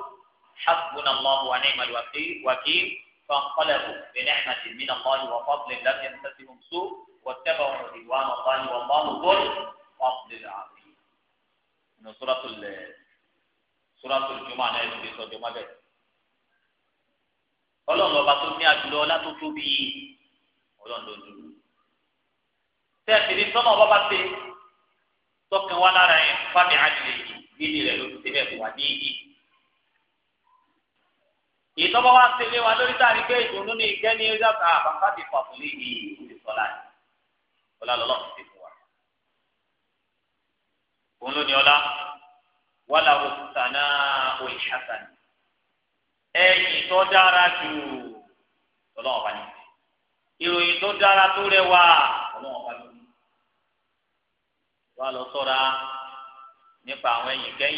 حسبنا الله ونعم الوكيل فانقلبوا بنعمة من الله وفضل لم يمسسهم سوء واتبعوا رضوان الله والله ذو الفضل العظيم من سورة سورة الجمعة نهاية سورة الجمعة ọlọ́run ọba tó ní àjùlọ ọlá tó tóbi ọlọ́run ló dùn. tẹ́ẹ̀sìrì sọ́nà ọba bá ṣe tọkàn wá lára ẹ̀ fábí àjùlẹ̀ yìí níbi rẹ̀ ló ti ṣe bẹ́ẹ̀ kò wá ní ìdí. ìtọ́wọ́ wa ṣe lé wa lórí táàrí pé ìdùnnú ní ìgẹ́ ní ọjọ́ kan àbáfá ti fà fún léyìí ìdí sọ́lá yìí ọlá lọ́lọ́run ti fún wa. òun ló ní ọlá wàlà òkúta òyìn ẹ̀yìn tó dára jù ọlọ́wọ́n bá ní ìròyìn tó dára tó rẹwà ọlọ́wọ́n bá ní. wà lọ sọ́ra nípa àwọn gbà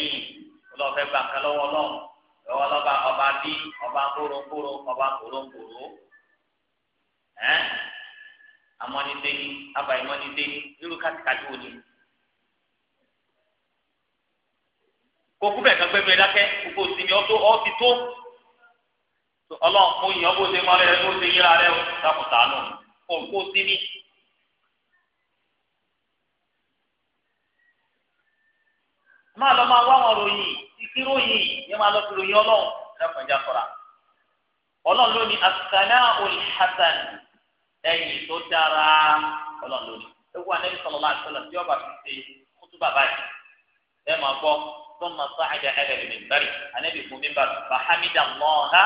lọ́wọ́ lọ́wọ́ lọ́ba ọba bí ọba kórókóró ọba kórókóró ẹ́ amọ́nidéni abàyímọ́nidéni irú kátìkátì òní. kókú bẹ̀ kan dákẹ́ kókó ọlọ́run kó yàn bó ṣe mọ́lẹ̀ rẹ bó ṣe yíra rẹ o dákùtà nù kó kó sí mi. máa lọ máa wá wọn ròyìn ìkíròyìn yẹn máa lọ fi ròyìn ọlọ́run lẹ́kọ̀ọ́ ìjà sọ̀ra ọlọ́run ló ní as-sana'ul hasan ẹ̀yìn tó dára ọlọ́run ló ní ewu anabi sallallahu alaihi wasallam tí ọba fi ṣe kútu bàbá yìí ẹ máa gbọ́ tó máa sọ àjà ẹlẹ́rìí mi bẹ́rẹ̀ anabi fún mi bàrẹ̀ bàhámídà mọ́ọ́há.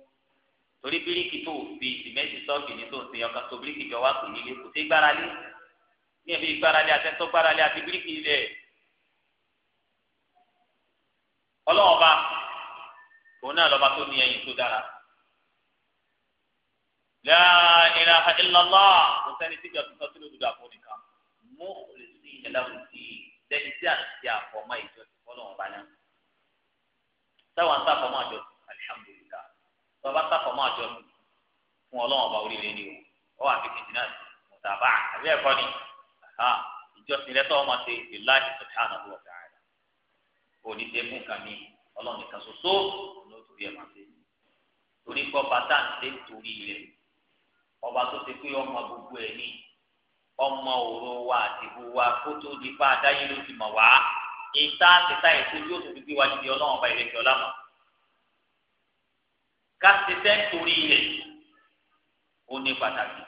torí bíríkì tó fi sìmẹ́ntì sọ́ọ̀kì ní tó ń sèyàn kan tó bíríkì jọ wá pè nílé kò sí gbáralé ní ẹbí gbáralé àtẹ́tọ́ gbáralé àti bíríkì ilẹ̀ ọlọ́ọ̀ba òun náà lọ́ba tó ní ẹyin tó dára. La ilaha illallah kò sẹ́ni tí ìjọ tuntun sínú dúdú àpò nìkan mú òrìṣì ẹlẹ́wùsì lẹ́yìn tí àti àfọ̀mọ́ ìjọ tọba sáfọ máa jọ fún ọlọ́wọ́n ọba oríire ni o ọ wà fífi jìnnà mùtàbà àbí ẹ̀kọ́ ni ìjọsìn rẹ tọ́wọ́ máa ṣe ìláì subhanahu wa ta'ala òní ṣe fún nǹkan ní ọlọ́run nìkan ṣoṣo ló torí ẹ̀ máa ṣe torí pé ọba tá à ń ṣe torí rẹ̀ ọba tó ṣe pé ọmọ gbogbo ẹ̀ ní ọmọ òru wa àtìbú wa kó tó di pa ló ti mọ̀ wá ìta àti táyé tó yóò káṣí sẹ́ńtúrì rẹ̀ ó ní pàtàkì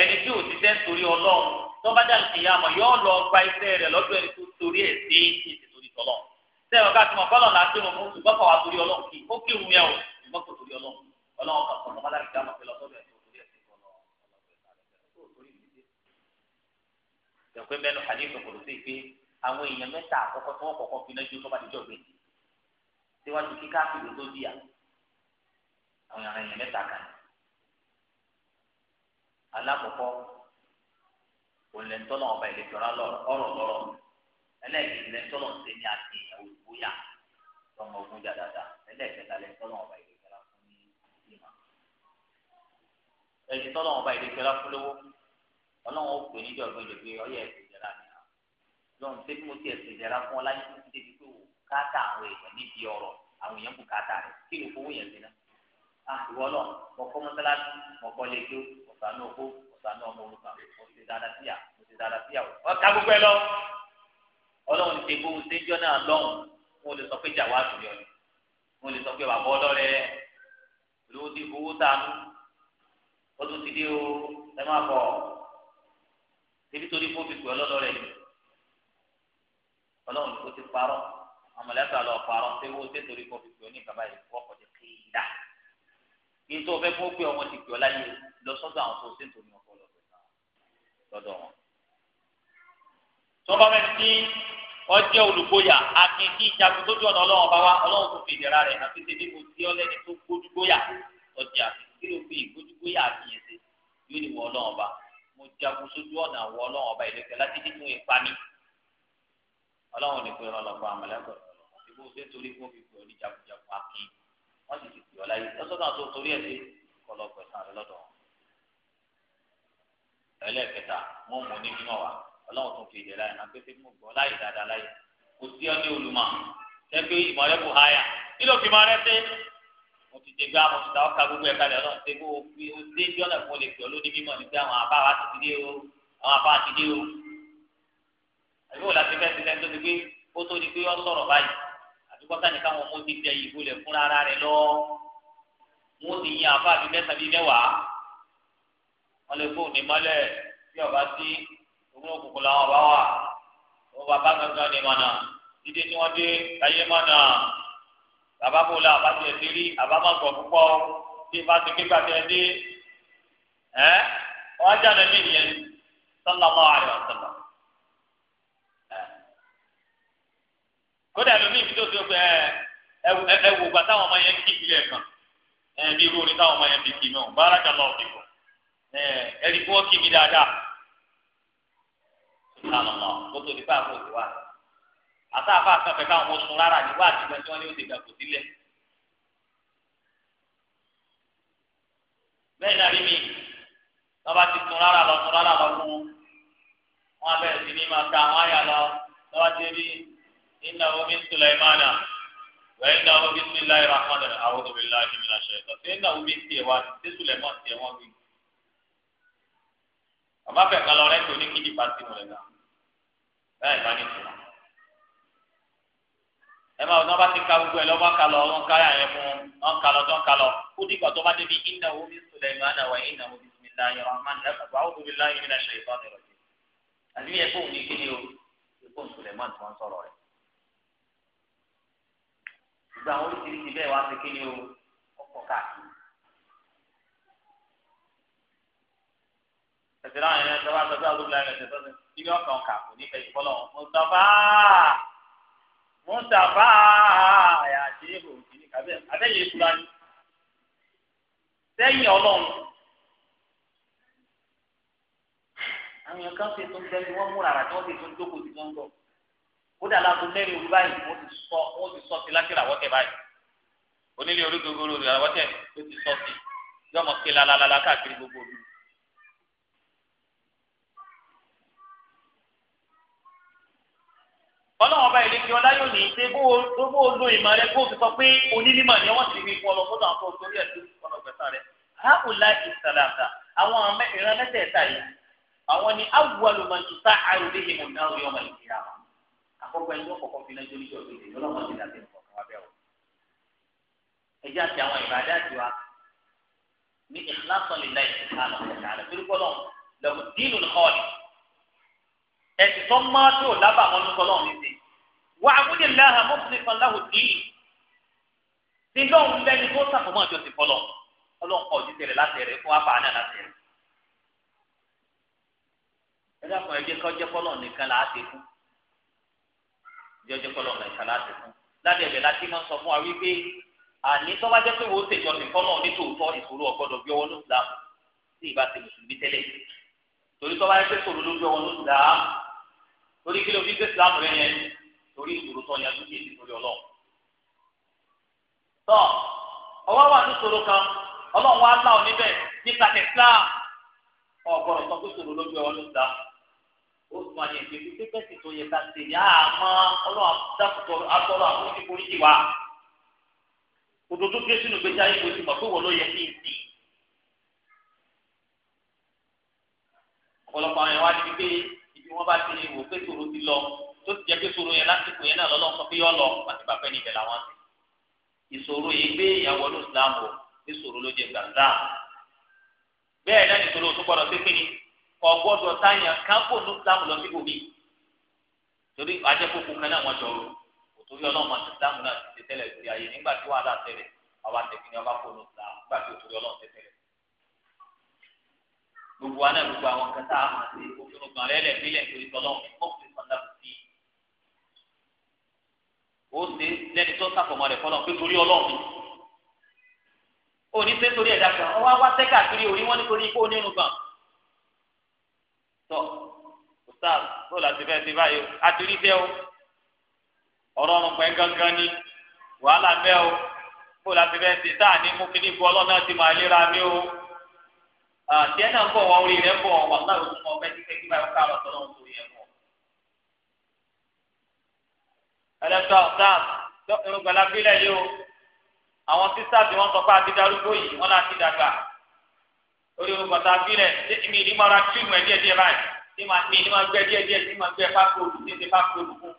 ẹni tí ò ti sẹ́ńtúrì ọlọ́run tó bá dà lùkì yá mọ̀ yóò lọ gba iṣẹ́ rẹ̀ lọ́dọ̀ ẹni tó torí ẹ̀ sí ìṣe torí tọ́lọ̀ sẹ́wọ̀n ká ti mọ̀ fọlọ́ náà kírun mú ṣùgbọ́n kọ̀ wá torí ọlọ́run kì í ó kírun yẹn o ṣùgbọ́n kò torí ọlọ́run ọlọ́run kan sọ̀rọ̀ bàdà lùkì yá mọ̀ pé lọ́sọ̀rọ̀ ẹ̀ yàtọ̀ mẹ́nu hadith kò sí pé àwọn èèyàn mẹ́ta àkọ́kọ́ tí wọ́n kọ́kọ́ fi lẹ́jọ́ tó bá dijọ́ gbé síwájú kíkà fìlú àwọn ọ̀ràn yẹn mẹ́ta kan alákọ̀ọ́kọ́ olùlẹ̀ntọ́nà ọba ìlẹ̀tọ́ra ọ̀rọ̀ lọ́rọ̀ ẹlẹ́ẹ̀kejì lẹ́ntọ́nà ṣe ní àti ìyàwó ìgbóyà lọ́mọ ogun jà dáadáa ẹlẹ́ẹ̀kẹta lẹ́ntọ́nà ọba ìlẹ̀tọ́ra fún ní ìmọ̀ ẹ̀yìn tọ́nà ọba ìlẹ̀tọ́ra fún lówó ọlọ́wọ́n ó pè níjọ́ gbẹdẹgbẹ ọyẹ ìjẹra mi hàn lọ́n ṣé bí mo ti ẹ̀sìn ìjẹra fún ọ láyé tó ti débi pé wò káàtà àwọn èèyàn níbi ọ̀rọ̀ àwọn èèyàn bùkátà rẹ̀ kí ló fowó yẹn sí náà àtiwọ́ lọ mọ kọ́ mọ́sálásí mọ kọ́ lẹ́kẹ́ ọ̀sánú ọkọ ọ̀sánú ọmọ olùkọ́ mo ti dára síyà mo ti dára síyà ọ̀ká gbogbo ẹ lọ ọlọ́run ti gbogbo séjọ́ náà lọ́hùn mo lè sọ pé jàwá àtúnyọ ni mo lè sọ pé bàbá ọlọ́rẹ ló ti fowó tánú ó tún ti dé o ẹ má bọ̀ ebi torí kó fi pè ọlọ́lọ́rẹ yìí ọlọ́run kò ti parọ́ àmọ̀lẹ́ta lọ parọ́ pé owó tẹ́ torí kó fi pè oníkàbáyé wọ́pọ̀ ti kéèyàn ètò ọ̀fẹ́ fún pé ọmọ ti pè ọ́ láyé lọ sọ́dọ̀ àwọn tó ṣe ń tòun ọ̀pọ̀ lọ́dọ̀ náà lọ́dọ̀ wọn. sọ́ba mẹ́rin tí wọ́n jẹ́ olùgboyà akin kí ìjagun tó dùn ọ̀nà ọlọ́run bá wá ọlọ́run tó fi ìdẹ̀ra rẹ̀ àti ṣe níbo tí ọlẹ́ni tó gbójúgbóyà ọjà kí ló fi ìgbójúgbóyà àfihàn ṣe yóò ní wọ ọlọ́run bá mo jagun sójú ọ̀nà wọ ọlọ́run ọba ìlẹ́kẹ̀ láti nínú ipa mi ọlọ́run ní pé ọlọ́run ọba àmọ̀lẹ́kọ̀ọ́ ìbò ṣe torí kó fi pè jagunjagun akin wọ́n sì ti pè ọ́ láyé lọ́sọ̀tàn tó torí ẹ̀ sí kọlọ́ pẹ̀sán rẹ lọ́dọ̀ wọn. ẹlẹ́ẹ̀kẹta wọn mú ní mímọ́ wa ọlọ́run tún fi ìdè láyé náà pété mú gbọ́ láyé dáadáa láyé kò sí ọ ní olùmọ̀ tẹ́gbẹ́ ìmọ̀ rẹ kò háyà kí ló fi mọ rẹ sí. mo ti dé gbá mo ti ta ọ́ka gbogbo ẹ̀ka lẹ̀ ọlọ́run ṣe kó o fi o dé bí ọ̀nà ìfọ̀lẹ̀ pẹ̀ ló o àwọn àbá ti dé o. àbí wò láti fẹ́ sílẹ̀ tó ti gbé ó tó di pé ọ sọ̀rọ̀ báyìí kọ́tà nìkan wọn mo ti jẹ ìbò lẹ̀ fúnra ara rẹ̀ lọ wọn ti yin àfa àbí mẹ́ta bíi mẹ́wàá wọn lè fóònù mọ́lẹ̀ bí ọba sí ogun òkùnkùn làwọn ọba wà wọn bàbá gangan ni mọ̀nà dídé tí wọ́n dé láyé mọ̀nà bàbá bò la àbá tiẹ̀ ti rí àbá má gbọ̀ púpọ̀ bí ìbá ti gbé gbàtẹ́ dé ẹ́ wọ́n á jáde ní ìyẹn sallallahu alaihi wasallam. kódà lómi ìbí tó ti o pé ẹ ẹ wò gba táwọn ọmọ yẹn kí ìbílẹ̀ kan ẹ bí irú orin táwọn ọmọ yẹn fi kí mi ò bá alájà lọ òdìbò ẹ ẹni kí wọ́n kí mi dáadáa sùkàlùmọ̀ kó tó di báàbò ti wá àtàfà àkànfẹ́ káwọn ọmọ sun rárá nígbà tí wọ́n ti wọ́n ní ó ti dàgbò sílẹ̀. bẹ́ẹ̀ náà rí mi lọ́ba ti sun rárá lọ sun rárá lọ fún wọn abẹ́rẹ́ sí ní máa ta àwọn àyà lọ lọ́ba إنه من سليمان وإنه بسم الله الرحمن الرحيم أعوذ بالله من الشيطان فإنه من سيوان سليمان سيوان بي أما في قلالين توني كي جباتي مولدا لا يباني سيوان ẹmọ ọdún ọba ti ka gbogbo ẹ lọ́wọ́ kalọ̀ ọ̀hún káyà yẹn fún ọ̀hún kalọ̀ tó ń kalọ̀ ó dìgbà tó bá débi iná omi Sulaiman náà wà iná omi bisimilá yẹn wọn máa ń lẹ́kọ̀ọ́ bá wọn tóbi láyé nínú ẹ̀ṣẹ̀ ìbọn rẹ̀ rẹ̀ àbí ẹ̀kọ́ òun ní kíni o ẹ̀kọ́ Sulaiman tó ń sọ̀rọ̀ rẹ̀ gbogbo àwọn oríṣiríṣi bẹ́ẹ̀ wá sí kíni o ọkọ̀ káàkiri. tẹ̀síra àwọn ẹ̀rọ ìjọba àtọ́jú àlùbọ̀lá ẹ̀rọ ìjọba níbi ọkàn kà kò ní fẹ̀yìn fọlọ́ mùsàfà mùsàfà àyà àti ìhò kìíní kàbẹ́ àbẹ́yẹ ìfura ni sẹ́yìn ọlọ́run àwọn èèyàn kan ṣe tó ń bẹ́ẹ̀ ni wọ́n múra àrà tí wọ́n ṣe tó ń jókòó kódà láago mẹ́rin òru báyìí wọ́n ti sọ wọ́n ti sọ sí láti ràwọ́tẹ̀ báyìí onílé orígbogbo ràwọ́tẹ̀ ló ti sọ sí yọmọ sí lalalala káàkiri gbogbo òru. ọlọ́wọ́n ọba ìlú kí ọlá yóò ní ṣe bó o lo ìmọ̀ rẹ kó o fi sọ pé onílímọ̀ ni wọ́n ti rí fún ọlọ́kọ́dọ̀ àwọn tó torí ẹ̀ tó ọ̀nà ọ̀gbẹ̀sán rẹ̀ hákùlá ìsàlàtà àwọn ìran mẹ́tẹ̀ẹ̀ta yìí àwọn ni awùwàlùmọ̀ ìsá àròlé ìmọ̀ náà yọmọ ìgbéyàwó gbogbo ẹni tó kọ̀kọ́ fi lẹ́jọ́ níjọ́ gbèdé lọ́lọ́mọ ti dàbí ẹ̀kọ́ kan wá bẹ́ẹ̀ o. ẹ jẹ́ àti àwọn ìbàdí àti wa ní ìfúnásán lè láì sí ká lọ́kọ̀ tààrà torí kọ́ lọ́hùn lọ́hùn dínú lọ́ọ̀lì. ẹ̀sìn tó máa tó lábàá wọn lóko lọ́hùn ní sìn. wà á múlẹ̀ láha mọ́tòlẹ́sán láhùn dín. ti lọ́hùn lẹ́ni tó sàfọ̀mọ́ àjọ ti fọlọ́ ọlọ́hùn kọ́ ọ̀dí tẹ̀lé látẹ̀rẹ̀ fún àbá náà látẹ̀rẹ̀. ẹ dákun ẹ jẹ́ fọlọ́ nìkan là fún jẹjẹ kọlọ ọmọ ìka láti fún lábẹ́ ẹ̀bẹ̀ láti máa sọ fún wa wípé àní tó bá jẹ́ pé wọ́n ṣèjọ sí fọ́nà onítòótọ́ ìṣòro ọ̀gbọ́dọ̀ bí ọwọ́ ló ti dáa tí ìbá ti mùsùlùmí tẹ́lẹ̀ torí tó bá jẹ́ pé ṣòro ló bí ọwọ́ ló ti dáa torí kí ló fi gbé sílámù rẹ yẹn torí ìṣòro tó yẹn tó kí èsì torí ọlọ́run. tọ́ ọwọ́ wà ní ṣòro kan ọlọ́run wá láwọn níbẹ̀ nípa tẹ̀sílámù ọ̀gbọ̀rọ̀ sọ pé ṣòro ló bí ọwọ́ ló dáa ó sún àyè ìpè pípé pẹ́sì tó yẹ ká ṣe yá àmọ́ ọlọ́run dákùtọ̀ atọ́rọ̀ àforíjì foríjì wa òdòdó gbé sínú gbèsè ayé kò sí mọ̀ pé wọ́n ló yẹ kí n sì. ọ̀pọ̀lọpọ̀ àwọn ẹ̀wá ti pé ibi wọ́n bá ti wò pé sòro ti lọ tó ti jẹ́ pé sòro yẹn lásìkò yẹn náà lọ́lọ́ sọ pé yọ lọ àti bàbá ẹni ìbẹ̀lẹ̀ àwọn ti. ìṣòro yìí gbé ìyàwó ọdún Islam wò pé sòro ló jẹ gbàgbà. bẹ́ẹ̀ náà ìṣòro tó gbọdọ̀ pé pé ọgbọ́dọ̀ táyà kápò ní islam lọ síbò mi torí ajẹ́kókò kan náà wọ́n jọ ro òtòrí ọlọ́run àti islam náà ti ṣe tẹ́lẹ̀ sí ayé nígbà tí wàhálà tẹ̀lẹ̀ àwa tẹ̀kìnì ọba kò ní islam nígbà tí òtòrí ọlọ́run ti tẹ̀lẹ̀. gbogbo wa náà gbogbo àwọn kẹta àwọn àti òfin ọgbà rẹ lẹ̀ nílẹ̀ torí ọlọ́run kó fi sọ̀dá kù sí. ó ṣe lẹ́ni tó sàfọ̀mọ́ rẹ̀ fọlọ́ pé torí ọlọ́run òní ṣe torí ẹ̀dá kan ọwọ́ wá tẹ́kà kiri òní tọ ustaz tó láti fẹ́ ti báyìí àtúrí bẹ́ẹ̀ o ọ̀rọ̀ ọ̀run pẹ́ gángan ni wàhálà bẹ́ẹ̀ o tó láti fẹ́ ti tá à ní mú kíní bu ọlọ́nà ti máa lera mi o tiẹ̀ náà ń bọ̀ wọ́n orí rẹ̀ bọ̀ wà láwọn oṣù mọ́ bẹ́ẹ̀ ti fẹ́ kí báyìí ká lọ sọ́dọ̀ ọ̀hún torí ẹ̀ bọ̀. ẹlẹ́tọ̀ ustaz tó irun gbàlágbélẹ̀ yìí o àwọn sísá tí wọ́n sọ pé àti darúgbó yìí wọ́n náà ti dàgbà orí o bàtà bílẹ̀ mi ní ma ra kílùmù ẹ̀ díẹ̀ díẹ̀ báyìí ní ma mi ní ma gbẹ díẹ̀ díẹ̀ ní ma gbẹ fákòlù ní ti fákòlù fún.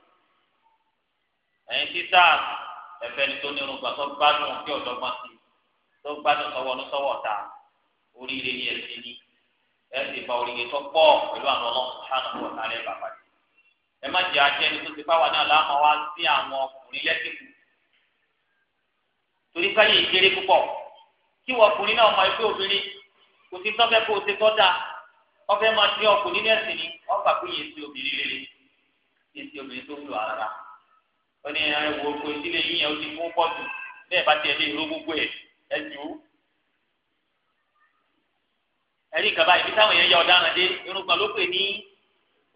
ẹ̀yin títà ẹ̀fẹ́ ni tó ní irun gbàtọ́ gbádùn kí ọ̀dọ́gbọ́n sí tó gbádùn sọ́wọ́ ní sọ́wọ́ ta oríire ni ẹ̀sìn ni ẹ̀sìn fa oríire tó pọ̀ pẹ̀lú àwọn ọlọ́run sánà wọ̀ bàbá yìí. ẹ má jẹ́ ajẹ́ ni tó ti bá wà náà láwọn wá sí àwọn ọkùnrin lẹ́sìnkù torí káyé ìkéré púpọ̀ kí wọ́n ọkùnrin náà mọ ẹgbẹ́ obìnrin kò sí tọ́fẹ́ kó o ṣe tọ́ da ọfẹ́ máa dín ọkùn nínú ẹ̀sìn ni wọ́n gbà pé yẹn ti obìnrin rere yẹn ti obìnrin tó ń lò ara ó ní ẹ̀wọ̀ òkú ìdílé yín yẹn ó ti fún pọ́ọ̀tù bẹ́ẹ̀ bá tiẹ̀ lé ìró gbogbo ẹ̀ ẹ̀ jù ú. ẹ̀rí ìkàbá ìbí táwọn èèyàn ya ọ̀daràn dé irúgbà ló pè ní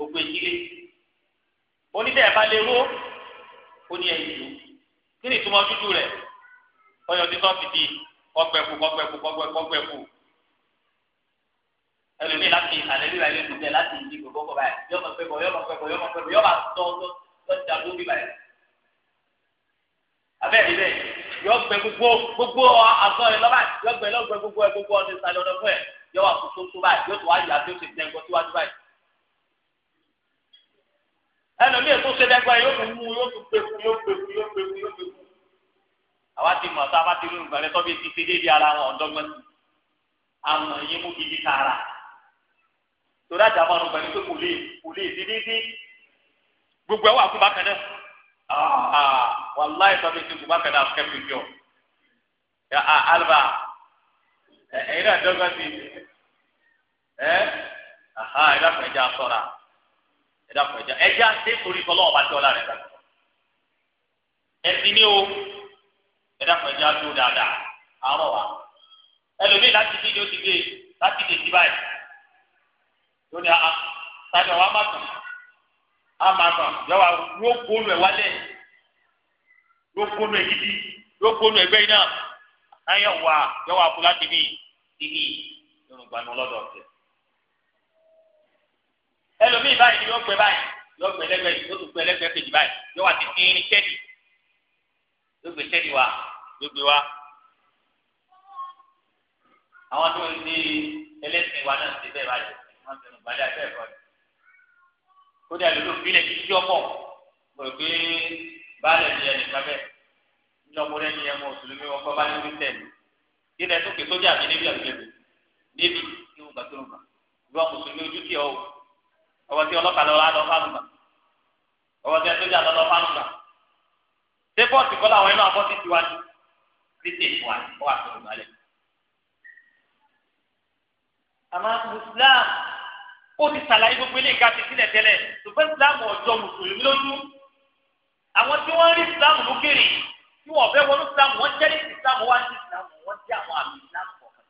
òkú ìdílé onídẹ̀ẹ́ bá lè ó ní ẹ̀ jù ú kí ni ìtumọ̀ dúdú rẹ̀ ọyọ̀ títọ́ fìdí kọ́gbẹ́kù kọ́gbẹ́kù kọ́gbẹ́kù ẹlòmíì láti àlẹ́lú rẹ̀ lẹ́nu tẹ láti ìdí gbogbo kọ báyìí yọ ma pẹ́ bọ̀ yọ ma pẹ́ bọ̀ yọ ma pẹ́ bọ̀ yọ ma tọ́ tọ́ tọ́ ti àgbo bí báyìí. abẹ́ rí bẹ́ẹ̀ yọ gbẹ gbogbo gbogbo àgọ́ rẹ̀ lọ́ba yọ gbẹ lọ́gbẹ gbogbo ẹ gbogbo ọdún ìsàlẹ̀ ọdún fún ẹ yọ wà kó tó báyìí yóò tó wá yà tó ti dẹ́gbọ́ síwájú báyìí. ẹlòmíì tó ṣe dẹ́gbọ́ yóò torí àdàmọ́ ọ̀run pẹ̀lú pé kò lè kò lè di dídí gbogbo ẹ̀ wà fún bákan náà wàláì sọ́bí ti fún bákan náà kẹ́fì jọ alba ẹ̀yin náà dọ́gba sí ẹ̀ ẹ̀dá fún ẹja sọ́ra ẹ̀dá fún ẹja ẹja ṣé torí tọ́lọ́ ọba tí ọlá rẹ̀ dàgbà ẹ̀sìn ni o ẹ̀dá fún ẹja tó dáadáa àárọ̀ wa ẹlòmíì láti dídí ó ti gbé láti dè sí báyìí ó ní a ah, tani ọwọ amazon ah, amazon yọwọ yóò gbóònù ẹ wálẹ̀ yóò gbóònù ẹ gidi yóò gbóònù ẹgbẹ́ yìí náà ayọ ah, wà yọwọ abúlá tìbí tìbí yorùbánu lọ́dọ̀ ọtẹ ẹlòmíì báyìí yóò gbẹ báyìí yóò gbẹ lẹgbẹ yìí yóò tún gbẹ lẹgbẹ kejì báyìí yọwọ àti tìrín tẹdì yóò gbé tẹdì wa yóò gbé wa àwọn tó ń di ẹlẹ́sìn wa náà ti bẹ́ẹ̀ báyìí. wọn tẹnu balẹ̀ abẹ́ ẹ̀fọ́ rẹ̀ pé baálẹ̀ ni ẹmọ òsùlùmí wọn kọ́ bá ní orí tẹ̀lé sójà mi níbi àgbẹ̀bẹ̀ níbi kí wọn ojú ọ ọwọ́ tí ọlọ́pàá lọ́wọ́ lọ́ fáànù gbà ọwọ́ tí sójà lọ́wọ́ fáànù gbà ṣé bọ́ọ̀sì kọ́ làwọn iná abọ́ títí wájú títí ìwà ọwọ́ ó ti sàlàyé gbogbo ilé ìka ti sílẹ̀ tẹ́lẹ̀ ṣùgbọ́n ìsìláàmù ọ̀jọ́ mùsùlùmí lójú àwọn tí wọ́n rí ìsìláàmù lókèrè tí wọ́n fẹ́ wọnú ìsìláàmù wọ́n jẹ́rìí ìsìláàmù wá sí ìsìláàmù wọ́n jẹ́ àwọn àmì ìsìláàmù kọ̀ọ̀kan.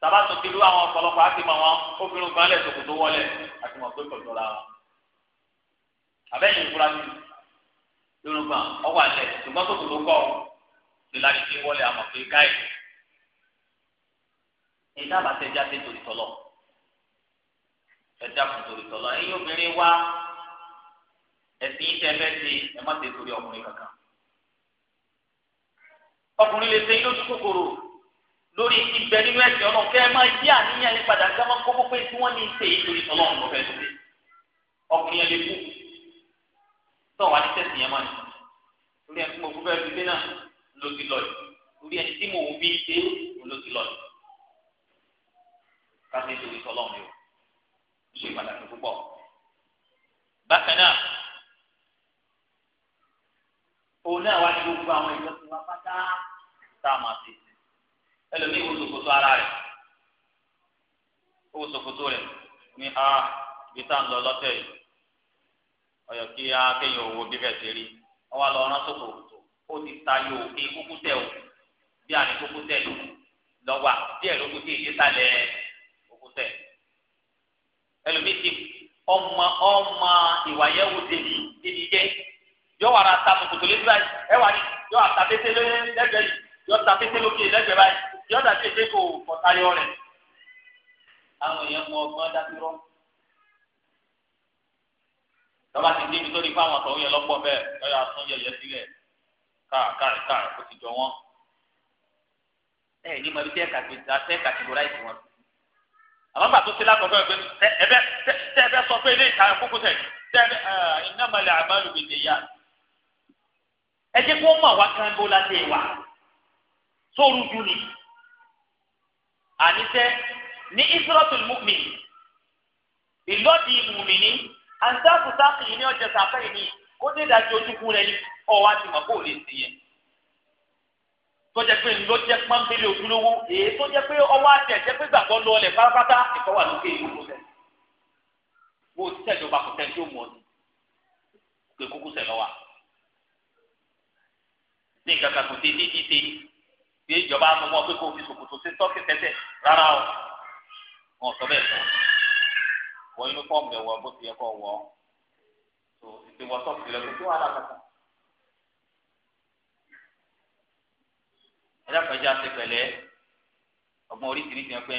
sábà tó ti lú àwọn ọ̀pọ̀lọpọ̀ á ti mọ àwọn obìnrin kan lẹ̀ tòkòtò wọlé àti mọ̀ pé pẹ̀lú ra wọn. àbẹ́yìn ìfura mi lórúkọ ọwọ́ àlẹ̀ ṣùgbọ́n tòkòtò kọ̀ ọ́ ẹ̀dá àbàtẹ́já ti torí tọ́lọ̀ ẹ̀dá kò torí tọ́lọ̀ ẹ̀yin obìnrin wá ẹ̀sìn ìtẹ́fẹ́ ti ẹ̀ má ti torí ọkùnrin kankan ọkùnrin lè ṣe ilé ojú kòkòrò lórí ìbẹ nínú ẹsẹ̀ ọlọ́run kẹ ẹ máa yí àníyàn yín padà kí wọn máa kókó pé tí wọn ní í ṣe ìtòrí ọlọ́run ló fẹẹ ṣe ọkùnrin yẹn lè kú tó wà ní tẹsán yẹn máa ní lórí ẹni tí mo kú fẹẹ fi dé náà lọ yìí lórí káfí nítorí tọ́lọ́run ni o ṣe pàtàkì púpọ̀. bákan náà òun náà wá ní gbogbo àwọn ìjọsìn wa pátá tá a máa ṣe ẹlòmíì wo ṣòkòtò ara rẹ̀ ó wo ṣòkòtò ní a ibi tá à ń lọ lọ́tẹ̀ yìí ọyọ kí a kéèyàn owó bíbẹ̀ ṣe rí wọn wá lọ rán ṣòkòtò ó ti tayọ òkè kúkú tẹ o bí àní kúkú tẹ lọ́wọ́ díẹ̀ ló kú ìdí sálẹ̀ ẹ̀ ẹlòmíì ti ọmọ ọmọ ìwà yẹn wò débi débi jẹ yọ wàrà ta tòkòtò létí báyìí ẹ wà ní yọ àta pété lẹ́gbẹ̀ẹ́ yìí yọ ta pété lókè lẹ́gbẹ̀ẹ́ báyìí yọ dàbí èdè kò kọtayọ rẹ àwọn èèyàn mọ ọgbọ́n dábírọ lọba ti débi tó ní fún àwọn àtọwọ yẹn lọpọ bẹ́ẹ̀ lọyà tún yẹyẹ sílẹ̀ káàkáà káà ó ti jọ wọn ẹ ní mọ ibi tẹ kàtí tẹ kàtí lóra ìfún wọn àwọn bàtú sí lákòókò ẹgbẹ ẹbẹ tẹ ẹbẹ sọ pé ilé ìtara kúkú tẹ tẹ ẹbẹ ìnámalẹ àmàlù mi lè yá ẹ jẹ kó mọ wá kan bó la tẹ wá sóru ju ni àníṣe ní isratul mu'min ìlọdì mùmìnì àǹtàkùtàkì ní ọjà sàkàyìn ní kó dé dájú ojúkú rẹ ní ọwọ́ àti màkó lè sí yẹn tó jẹ́ pé ló jẹ́ pọ́nbélé ojúlówó èyí tó jẹ́ pé ọwọ́ àtẹ̀ jẹ́ pé gbàgbọ́ lọ ọlẹ̀ pátápátá ìkọ́ wà lókè ìlú kò sẹ́ wo tẹ̀jọba kò tẹ̀jọ mọ́ ni pé kókó sẹ̀ lọ́wọ́ ní ìkàkà kò tẹ̀ ní ìdíje bí ìjọba mú wọn pé kó fi ṣòkòtò sí tọ́kì tẹ́tẹ̀ rárá o wọn sọ bẹ́ẹ̀ sọ wọ inú fọ́ọ̀mù ẹ̀wọ̀ bó ti yẹ kọ́ wọ ẹlẹ́kọ̀ọ́jà ti pẹ̀lẹ́ ọgbọ́n oríṣiríṣi ẹ pé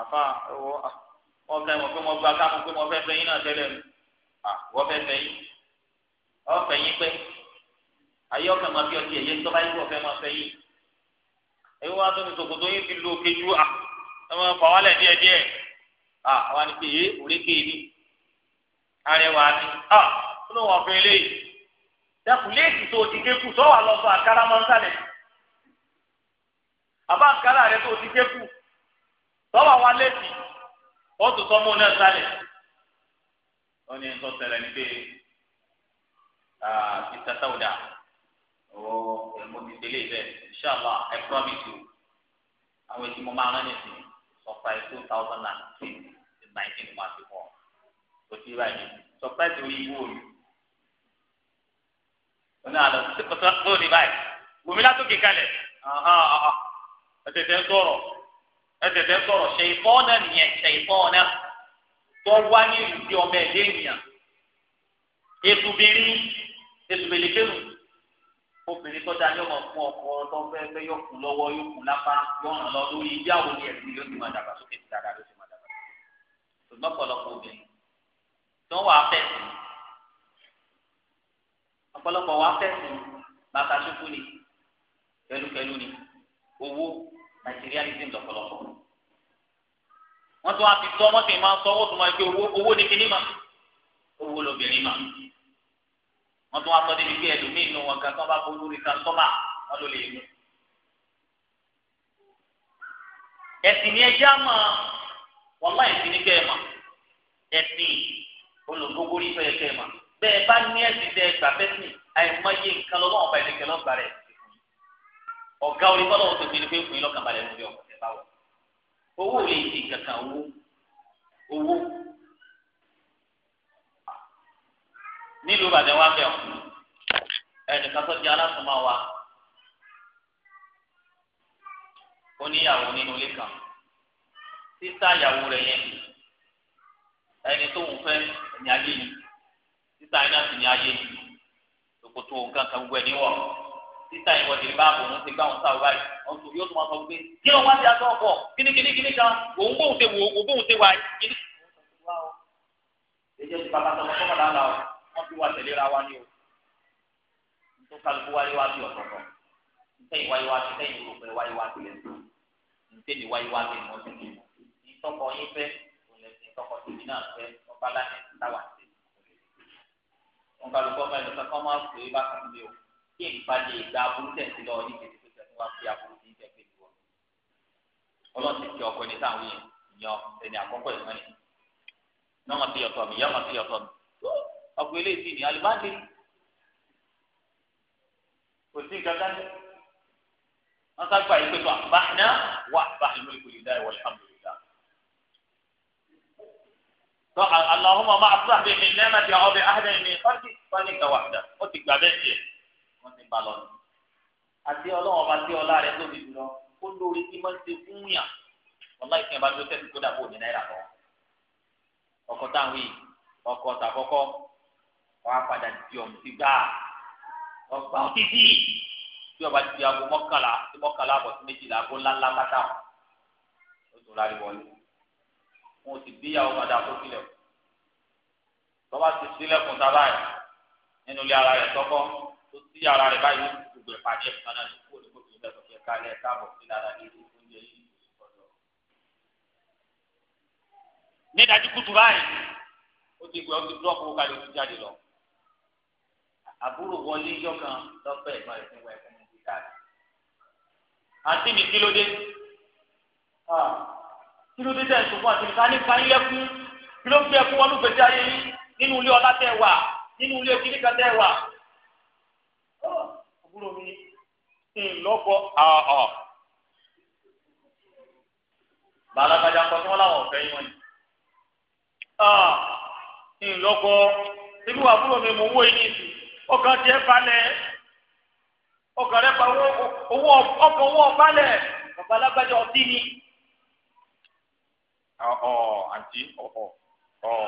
àfa ẹwọ wọn fẹ́ wọn pé wọn gba káàmù pé wọn fẹ́ fẹ́ yín náà tẹ́lẹ̀ mi ah, wọ́n fẹ́ fẹ́ yín wọ́n fẹ́ yín pẹ́ ayé ọ̀fẹ́ máa fi ọtí ẹ̀yẹ tó bá yín wọ́n fẹ́ máa fẹ́ yín ẹ̀yẹ wọn tó ní sòkòtò yín ti lo kejú à ẹ máa fà wálẹ̀ díẹ̀ díẹ̀ à wọn ni pé yé òrékè mi arẹwà mi à ah, kí ló wọ́n fẹ́ eléyìí dẹ́kun léèkì tó ti gé kù sọ́wọ́ àlọ́ fún àkàrà máa ń sálẹ̀ sí àbá àkàrà rẹ tó ti jẹ́kù tọ́wọ́ wa létí ó tún sọmọ náà sálẹ̀ ó ní sọ tẹ̀lẹ̀ ní pé Mr. Sauda. ó mo ti délé bẹ́ẹ̀ inṣàlá I promise you àwọn èsì mo máa rán nìsín surprise two thousand and three nineteen one two four kò sí báyìí surprise orí ìwú òyìn ó ní àlọ́ sí pọ́tọ́ lónìí báyìí wòmí látòkè kalẹ̀ ẹtẹtẹ sọ̀rọ̀ ẹtẹtẹ sọ̀rọ̀ ṣèyíkọ́ náà nìyẹn ṣèyíkọ́ náà tó wá ní ìlú tí ọmọ ẹ̀dẹ́ ènìyàn ètùbìnrin ètùbìnrin obìnrin tó dáa yọmọ fún ọkọ tó fẹ́ fẹ́ yọ kù lọ́wọ́ yọ kù lápá yọ ràn lọ lórí ibi àwọn ní yóò ti máa dàgbà sókè ti dáadáa ló ti máa dàgbà sókè ṣùgbọ́n ọ̀pọ̀lọpọ̀ obìnrin tó wà á fẹ́ sí ọ̀pọ̀lọpọ̀ wà á fẹ́ sí bàtà ṣubú ni kẹlukẹlu ni owó materialism lọ́pọ̀lọpọ̀ wọ́n tún wá fi tọ́ wọ́n sì máa sọ owó tó máa gbé owó owó ní kíní mà owó lóbìnrin mà wọ́n tún wá sọ débi pé ẹlòmíì nù wọn kan tó bá bolú rí transforma wọ́n ló lè mú. ẹ̀sìn ni ẹjẹ́ àmọ́ wọn máa ẹ̀sìn ní kẹ́ẹ̀ mà olùgbogbo rí fẹ́ẹ́ kẹ́ẹ̀ mà bá ní ẹ̀sìn tẹ́ gbàgbẹ́sìn àìmọye nǹkan lọ́wọ́ ọ̀bà ìlẹ̀kẹ̀ lọ́gbà ọ̀gá orí bọ́lá wọn tó fi ni pé fún yín lọ́kànbalẹ̀ lórí ọkọ̀ tẹ̀ báwọ̀ owó lè di kankan owó owó nílùú ìbàdàn wa bẹ̀ ọ́ ẹnìkan tó di alásùnmọ́ wa ó níyàwó nínú ilé kan títà ìyàwó rẹ̀ yẹn ẹni tó ń fẹ́ ẹni ayé yìí títà iná sì ní ayé yìí tòkòtò nǹkan kan gbogbo ẹni wọ̀ títà ìwọ̀n dèrè báàbò wọn ti gbá wọn sáwọ báyìí wọn tó yóò tó wọn sọ pé kí ló wá sí aṣọ ọkọ kínníkínní kínní kan òun bóun ṣe wò ó bóun ṣe wà kínní. èyí ẹ̀ ti bàbá sọ̀rọ̀ sọ́mọ́ làálà o wọ́n fi wá tẹ̀lé ra wa ní o tó kálukú wáyé wá sí ọ̀tọ̀ọ̀tọ̀ ntẹ́yìn wáyé wá sí ntẹ́yìn olùkọ́ wáyé wá sí lẹ́sìn ntẹ́yìn wáyé wá sí ìmọ̀ sí ìmọ̀ ìtọ́kọ yín fẹ́ ìtọ́kọ tèmi náà fẹ́ ọba láti táwa sí. wọn kálukú ọmọ ẹ̀ lọ́sọ̀kọ́ máa ń pè é bá kàn mí o kí ìpàdé ìgbà aburú tẹ̀sí lọ ní títí tó tẹ̀sí wá sí aburú tí ń tẹ̀ pé ìwọ. ọlọ́sì kí ọkọ ẹni táwọn yẹn yan ẹni àkọ́kọ́ ìwọ́n ni. náà ti yọ̀tọ̀ mi yọ̀mọ̀ ti yọ̀tọ̀ mi. ọkọ eléyìí ni alibáńdé kò sí ìgbà dání. wọ́n sábà yìí pé tó àbáhná wà àbáhná ló ìkòlì dá wọ́n ti ń bá lọ nù. àti ọlọ́run ọba tí ọlá rẹ̀ tóbi jùlọ ó lórí tí máa ń ṣe fún yàn ọlá ìfihàn bá tó tẹ̀sí kó dàbò ní náírà lọ. ọkọ̀ táwọn yìí ọkọ̀ tàkọ́kọ́ wàá padà di ọ̀mù ti gbà ọgbà títí bí ọba ti di aago mọ́kànlá sí mọ́kànlá àbọ̀ sí méjìlá aago ńláńlá pátá ó tún lárí wọlé wọn ò sì gbéyàwó padà tó sílẹ̀ tọ́ba ti sílẹ̀kùn sábà yìí nínú ilé ara rẹ̀ tọ́kọ́ tó sí ara rẹ̀ báyìí gbogbo ẹ̀ pàdé ẹ̀ kánà ní kó ní kó tó bẹ̀ tó fẹ́ kálẹ̀ káàbọ̀ sí lára ní ìlú oúnjẹ yìí ọ̀dọ̀. ní ìdájú kùtù báyìí ó ti gbé ọtí dúró kó kálí ojú jáde lọ. àbúrò wọlé yọkan lọ́pẹ́ ìmọ̀ ẹ̀sìn wọ ẹ̀kún ní káàdì. àti mi kí ló dé? kí ló dé tẹ̀ ṣùgbọ́n àti mi ká ní ká ńlọ́bọ ọ̀ bàlágbàjà kọ́ tí wọ́n láwọn ọ̀fẹ́ yín wọ́n yìí ńlọ́bọ ibi wà fúlọ̀ mi mò ń wó yín nìyí ọkàn tiẹ̀ balẹ̀ ọkàn rẹ̀ pa owó ọkàn owó balẹ̀ bàlágbàjà ọtí ni ọ̀ àǹtí ọ̀ọ̀ ọ̀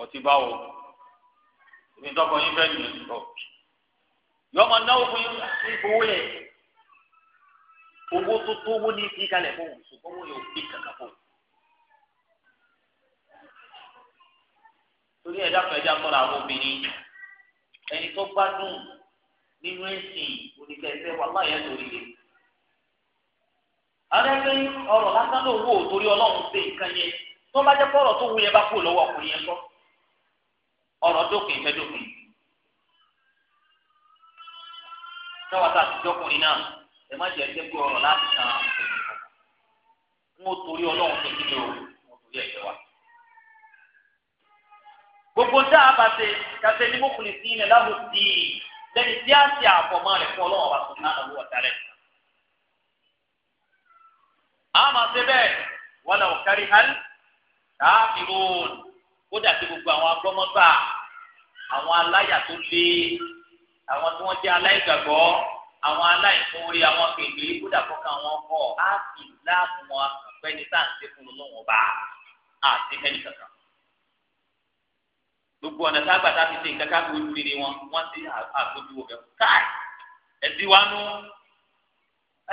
ọtí báwo ìbí tọkọ yín bẹ́ẹ̀ nìyí ọ̀. yọọ ma náwó fún ìfowó yẹn owó tó tó owó ní ìdí kalẹ̀ fún òun ṣùgbọ́n owó yẹn ò fi kankan fún òun. torí ẹ̀dá kan ẹ̀dá àwọn obìnrin ẹni tó nínú ẹ̀sìn oníkẹ́sẹ́ wà láyé lórí rẹ̀. arẹ́gbẹ́ ọ̀rọ̀ lásán ló wò torí ọlọ́run ṣe nǹkan yẹn tó bá jẹ́ pọ̀rọ̀ tó bá kú lọ́wọ́ táwa tá a ti jọkùnrin náà ẹ má jẹ ẹjẹ pé ọ̀rọ̀ láti tàn án wọn ò torí Ọlọ́run tó kíni o wọn ò torí ẹ̀jẹ̀ wa. gbogbo tá a bá ṣe kàṣẹ ní mọ́kùnrin sí ilẹ̀ láwùjọ sí lẹ́ni tí a ṣe àfọ̀mọ́ rẹ̀ fún Ọlọ́run wa sọ̀rọ̀ náà lọ́wọ́ ọ̀tá a máa ṣe bẹ́ẹ̀ wọ́n lọ kárí hàn káfíńrún kódà sí gbogbo àwọn agbọ́mọ́sà àwọn aláyà tó lé àwọn tí wọ́n jẹ́ aláìgbàgbọ́ àwọn aláìfowórí àwọn kèké kódà fọkàn wọn kọ á fi láàbù wọn pẹni tá fún olóhùn ọba àti ẹni kankan gbogbo ọ̀nà tá a gbà tá a fi ṣe nǹkan ká fi ojú rere wọn wọ́n ti àgbójú wo bẹ́ẹ̀ káì ẹ̀dí wa nú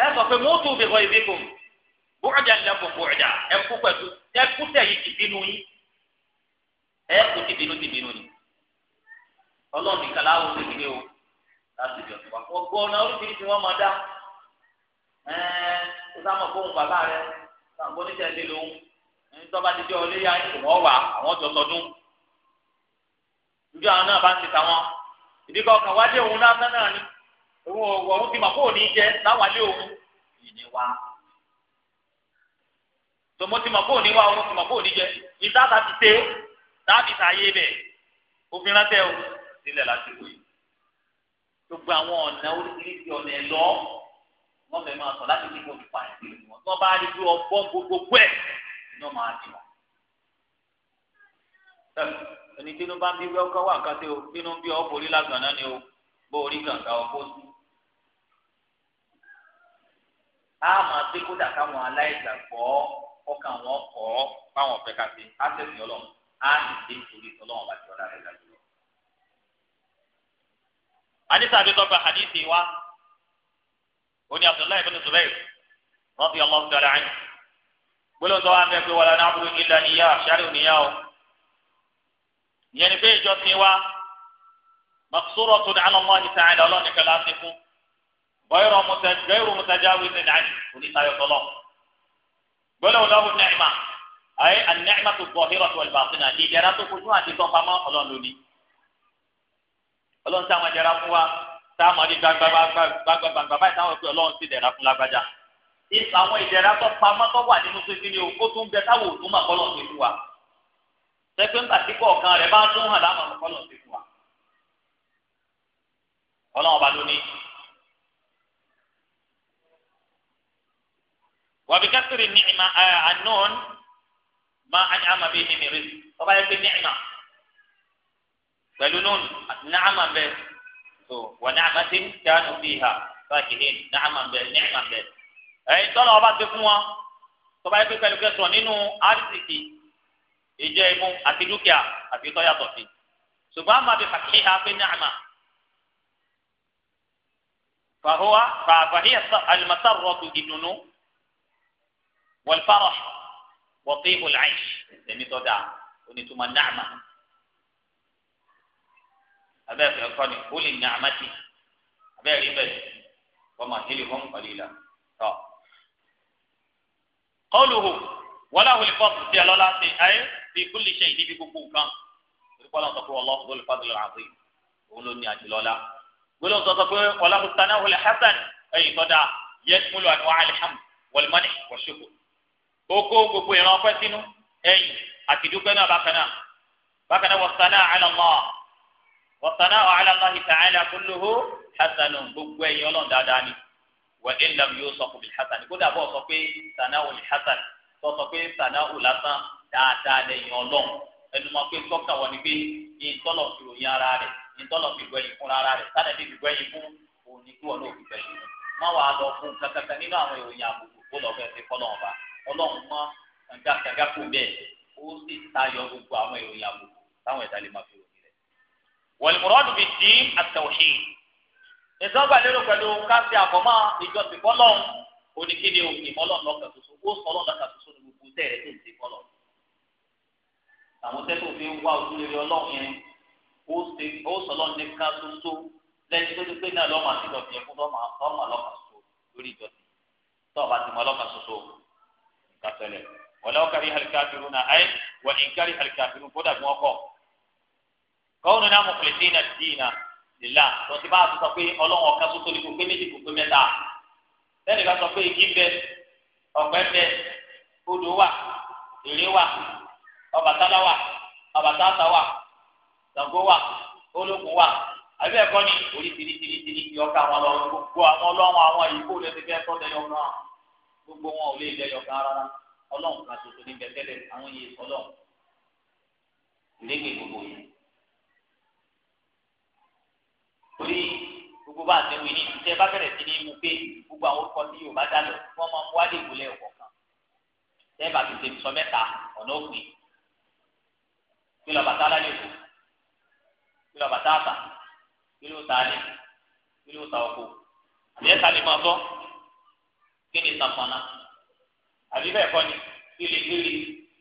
ẹ sọ pé mọ́tò bẹ̀rọ ìdí kò bọ́ọ̀dà lẹ́kọ̀ọ́ bọ́ọ̀dà ẹ kú pẹ̀lú ẹ kú tẹ̀ yìí ti bínú yín ẹ kú ti bínú ti bínú ni ọlọ́run nìkan láwọn ò láti jọ tó wá gbogbo ọ̀nà oríṣiríṣi wọn máa dá ẹ̀ẹ́n tó sáwọn fóun bàbá rẹ sàǹgbó níṣẹ́lẹ̀ lòun ẹni tó bá ti jẹ́ ọlẹ́yà yín kò wọ́n wà àwọn tó sọdún ìjọ àwọn náà bá ń tètè wọn ìdíkọ ọkàn wájú òun lásán náà ni òun ò òun ti mà kó òní jẹ láwàlé òun ìní wa tòmó ti mà kó òní wa òun ti mà kó òní jẹ ìdáta ti tẹ dábìtà yé bẹ òfin rántẹ o sílẹ̀ lásìkò yìí gbogbo àwọn ọ̀nà oríṣiríṣi ọ̀nà ẹ̀ lọ wọ́n fẹ́ máa sọ láti ní kó nípa ẹ̀ sílẹ̀ wọn wọ́n bá rí bí ọgbọ́n gbogbogbò ẹ̀ iná máa dì wọ́n. ẹni tí inú bá ń bí wẹ́ọ́kọ́ wà kátó o tí inú ń bí ọ borí lágbàná ni o bó orí gàǹgà ọ bó sùn. a máa gbé kódà káwọn aláìgbàgbọ́ ọkàn wọn kọ́ báwọn fẹ́ ká ṣe á tẹ̀sí ọlọ́run á sì dé torí ọlọ́run bá ti ọ̀dà rẹ̀ lájú hadith àti tọ́gbà hadith wa oní abdullahi ibn zubair radiyallahu ta'ala anhu gbólóhùn tó wà ń bẹ pé wala na'budu illa iyyah sáré òníyá o yẹn ni pé ìjọsìn wa maqsuratun 'ala Allah ta'ala ọlọ́ọ̀ni kẹlá ti fún ghayru mutajawizin 'anhu onítayọ̀ tọ́lọ̀ gbólóhùn lọ́wọ́ nẹ́ẹ̀mà ayé an-ni'matu adh-dhahiratu wal-batinah ìdẹ̀ra tó fojú àti tọ́pamọ́ ọlọ́ọ̀lónìí ọlọ́run táwọn ẹ̀jẹ̀ ra fún wa táwọn ọdún gbàgbàgbàgbà báyìí táwọn ọ̀pẹ ọlọ́run ti dẹ̀ra fún lágbájá àwọn ìdẹ̀ra tó pamọ́ tó wà nínú sísí ni òkú tó ń bẹ táwọn òdùn mà kọ́ lọ́n ti fún wa pẹ́pẹ́ ń bàtí kọ̀ọ̀kan rẹ̀ bá ń tún hàn láwọn ọ̀pọ̀ lọ́n ti fún wa ọlọ́run ọba lónìí. wàbí kásìrì ní ìmọ̀ àánú eh, ma ànyàmà bíi nìmírí ọba yẹn pé ní ìmọ̀ pẹ̀lú nùnú àti nàámà bẹ tó wà nàámà tí kánú bí ha fàkìlì nàámà bẹ nàámà bẹ. ẹ̀yin tọ́nà ọba ti fún wọn tọ́ba yẹ pé pẹ̀lú kẹsàn-án nínú àrísìkì ìjẹ́ imú àti dúkìá àti tọ́yàtọ̀ sí. ṣùgbọ́n àmà bí fàkìlì ha pé nàámà. فهو فهي المسرة الدنو والفرح وطيب العيش لم تدع ونتم النعمة abẹ́ẹ̀fẹ́ kọ́ ni ó lè ní àmàtì abẹ́ẹ̀rí bẹ́ẹ̀ kọ́mọ nílé fún kọ́lílà tọ́. kọ́lùhù wọlé àwọn olùkọ́sù sí ọlọ́lá ṣe ayé fi kúlì ṣe ìdíbi gbogbo nǹkan olùkọ́ lọ́sọ pé wọ́n lọ́sọ lọ́lọ́ fàdúrà àbí òun ló ní àti lọ́lá gbọ́dọ̀ sọ pé ọ̀làkùnsáná wọlé hasan ẹ̀yìn tọ́da yẹ́sùmúlò àníwá aliham wọlmọ́nì wọ́ṣọ́kù ó gbogbo ìran ọpẹ́ sínú ẹ̀yìn àtidúpẹ́ náà bákan náà bákan náà wọ́sánà àlọ́ wọ́tánà ọ̀hálàláhi tààlà kúlùhù hasanu gbogbo ẹ̀yìn ọlọ́run dáadáa ni wà ẹ̀ńdàm yóò sọ kò bí hasan kódà bọ́ sọ pé sanáwó ni hasan tó sọ pé sanáwó lásán dáadáa lẹ́yìn ọlọ́run ẹnu mọ pé tọ́ka wọ ni pé ìtọ́lọ̀ fi ròyìn ara rẹ̀ ìtọ́lọ̀ fi gbẹ̀yìn fún ara rẹ̀ sádẹ́bí fi gbẹ̀yìn fún òní kí wọn náà fi gbẹ̀yìn fún má wàá lọ fún kankankan nínú àwọn ìròyìn àbùkù kó lọ fẹ́ẹ́ fi fọ́lọ́run bá ọlọ́run mọ́ kàngàkàngà kò bẹ́ẹ̀ ó sì tayọ gbogbo àwọn ìròyìn àbùkù táwọn ẹ̀dá lè máa fi wọ̀lùmùrọ́dù bíi di àtẹ̀wòhì ìsọ́gbà lérò pẹ̀lú káṣí àfọ̀mọ́ ìjọsìn fọlọ́n oníkéde òkè fọlọ́n lọ́kà tuntun ó sọ lọ́n lọ́kà tuntun ní gbogbo tẹ̀rẹ̀ tó ń ti fọlọ́ àwọn tẹ́tù fi ń wá ojúlére ọlọ́run yẹn ó sọ lọ́n ní ká tuntun lẹ́yìn tó ti pé náà lọ́mọ àti lọ́ọ̀bì ẹ̀kú lọ́mọ lọ́kà tuntun lórí ìjọsìn tọ́ọ̀bà ti mọ lọ́kà tuntun nǹkan tẹ́lẹ̀ wọ́n lọ́kà rí kọ́ọ̀nù náà mọ̀kùlẹ́sí náà ti dìínà lìlá tó ti bá a sọ pé ọlọ́run ọ̀ka tó tóbi kò pé méjì kò pé mẹ́ta lẹ́nu bá sọ pé igi bẹ ọ̀pẹ bẹ odò wà èrè wà ọbàtálá wà ọbàtàtà wà Ṣàngó wà Olókun wà àbí ẹ̀kọ́ ni orí tìrìtìrìtìrì ti ọkà àwọn ọlọ́run gbogbo àwọn ọlọ́run àwọn ìbò rẹ̀ ti fẹ́ tọ́ lẹ́yọ̀ náà gbogbo wọn ò lè lẹ́yọ̀ kan rárá ọlọ́run kan tuntun ní bẹ̀tẹ́lẹ̀ àwọn yìí ọlọ́run ìrẹ́gbẹ̀ gbogbo yìí. torí gbogbo bá àtẹwé ní ìtẹ bá bẹ̀rẹ̀ sí ní mú pé gbogbo àwọn orúkọ tí Yorùbá dá lọ wọn máa ń wá lè wọlé ọkọ kan tẹ́ẹ̀bà fi ṣe sọ mẹ́ta ọ̀nà òpin kí lọ bàtà lálẹ́ òkú kí lọ bàtà àtà kí ló ta alẹ́ kí ló ta ọkọ àbí ẹ̀ka lè máa bọ́ kí ni sàmọ́nà àbí bẹ́ẹ̀ kọ́ ni kí lè gbére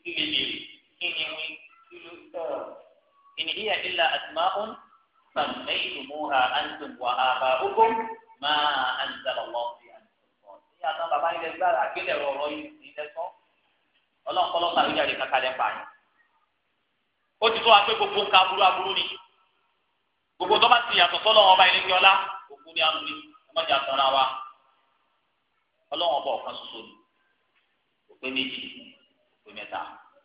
kí lè jèrè kí ni wí kí ló tọ̀ ìnìyí ẹ̀ ilà àtìmáhùn. سميتموها أنتم وآباؤكم ما أنزل الله في أنفسكم يا أنا بابا إلى البلد أكيد الروي إلى ọlọ́run kọ́ lọ́ọ́ sàrúdì àdé kankan lẹ́ pa yín. ó ti tó wa pé gbogbo nǹkan aburú aburú ni gbogbo tó bá ti yàtọ̀ sọ́lọ́ ọba ilé kí ọlá òkú ni àánú ni ọmọdé àtọ́ra wa ọlọ́run ọba ọ̀kan ṣoṣo ni kò méjì kò mẹ́ta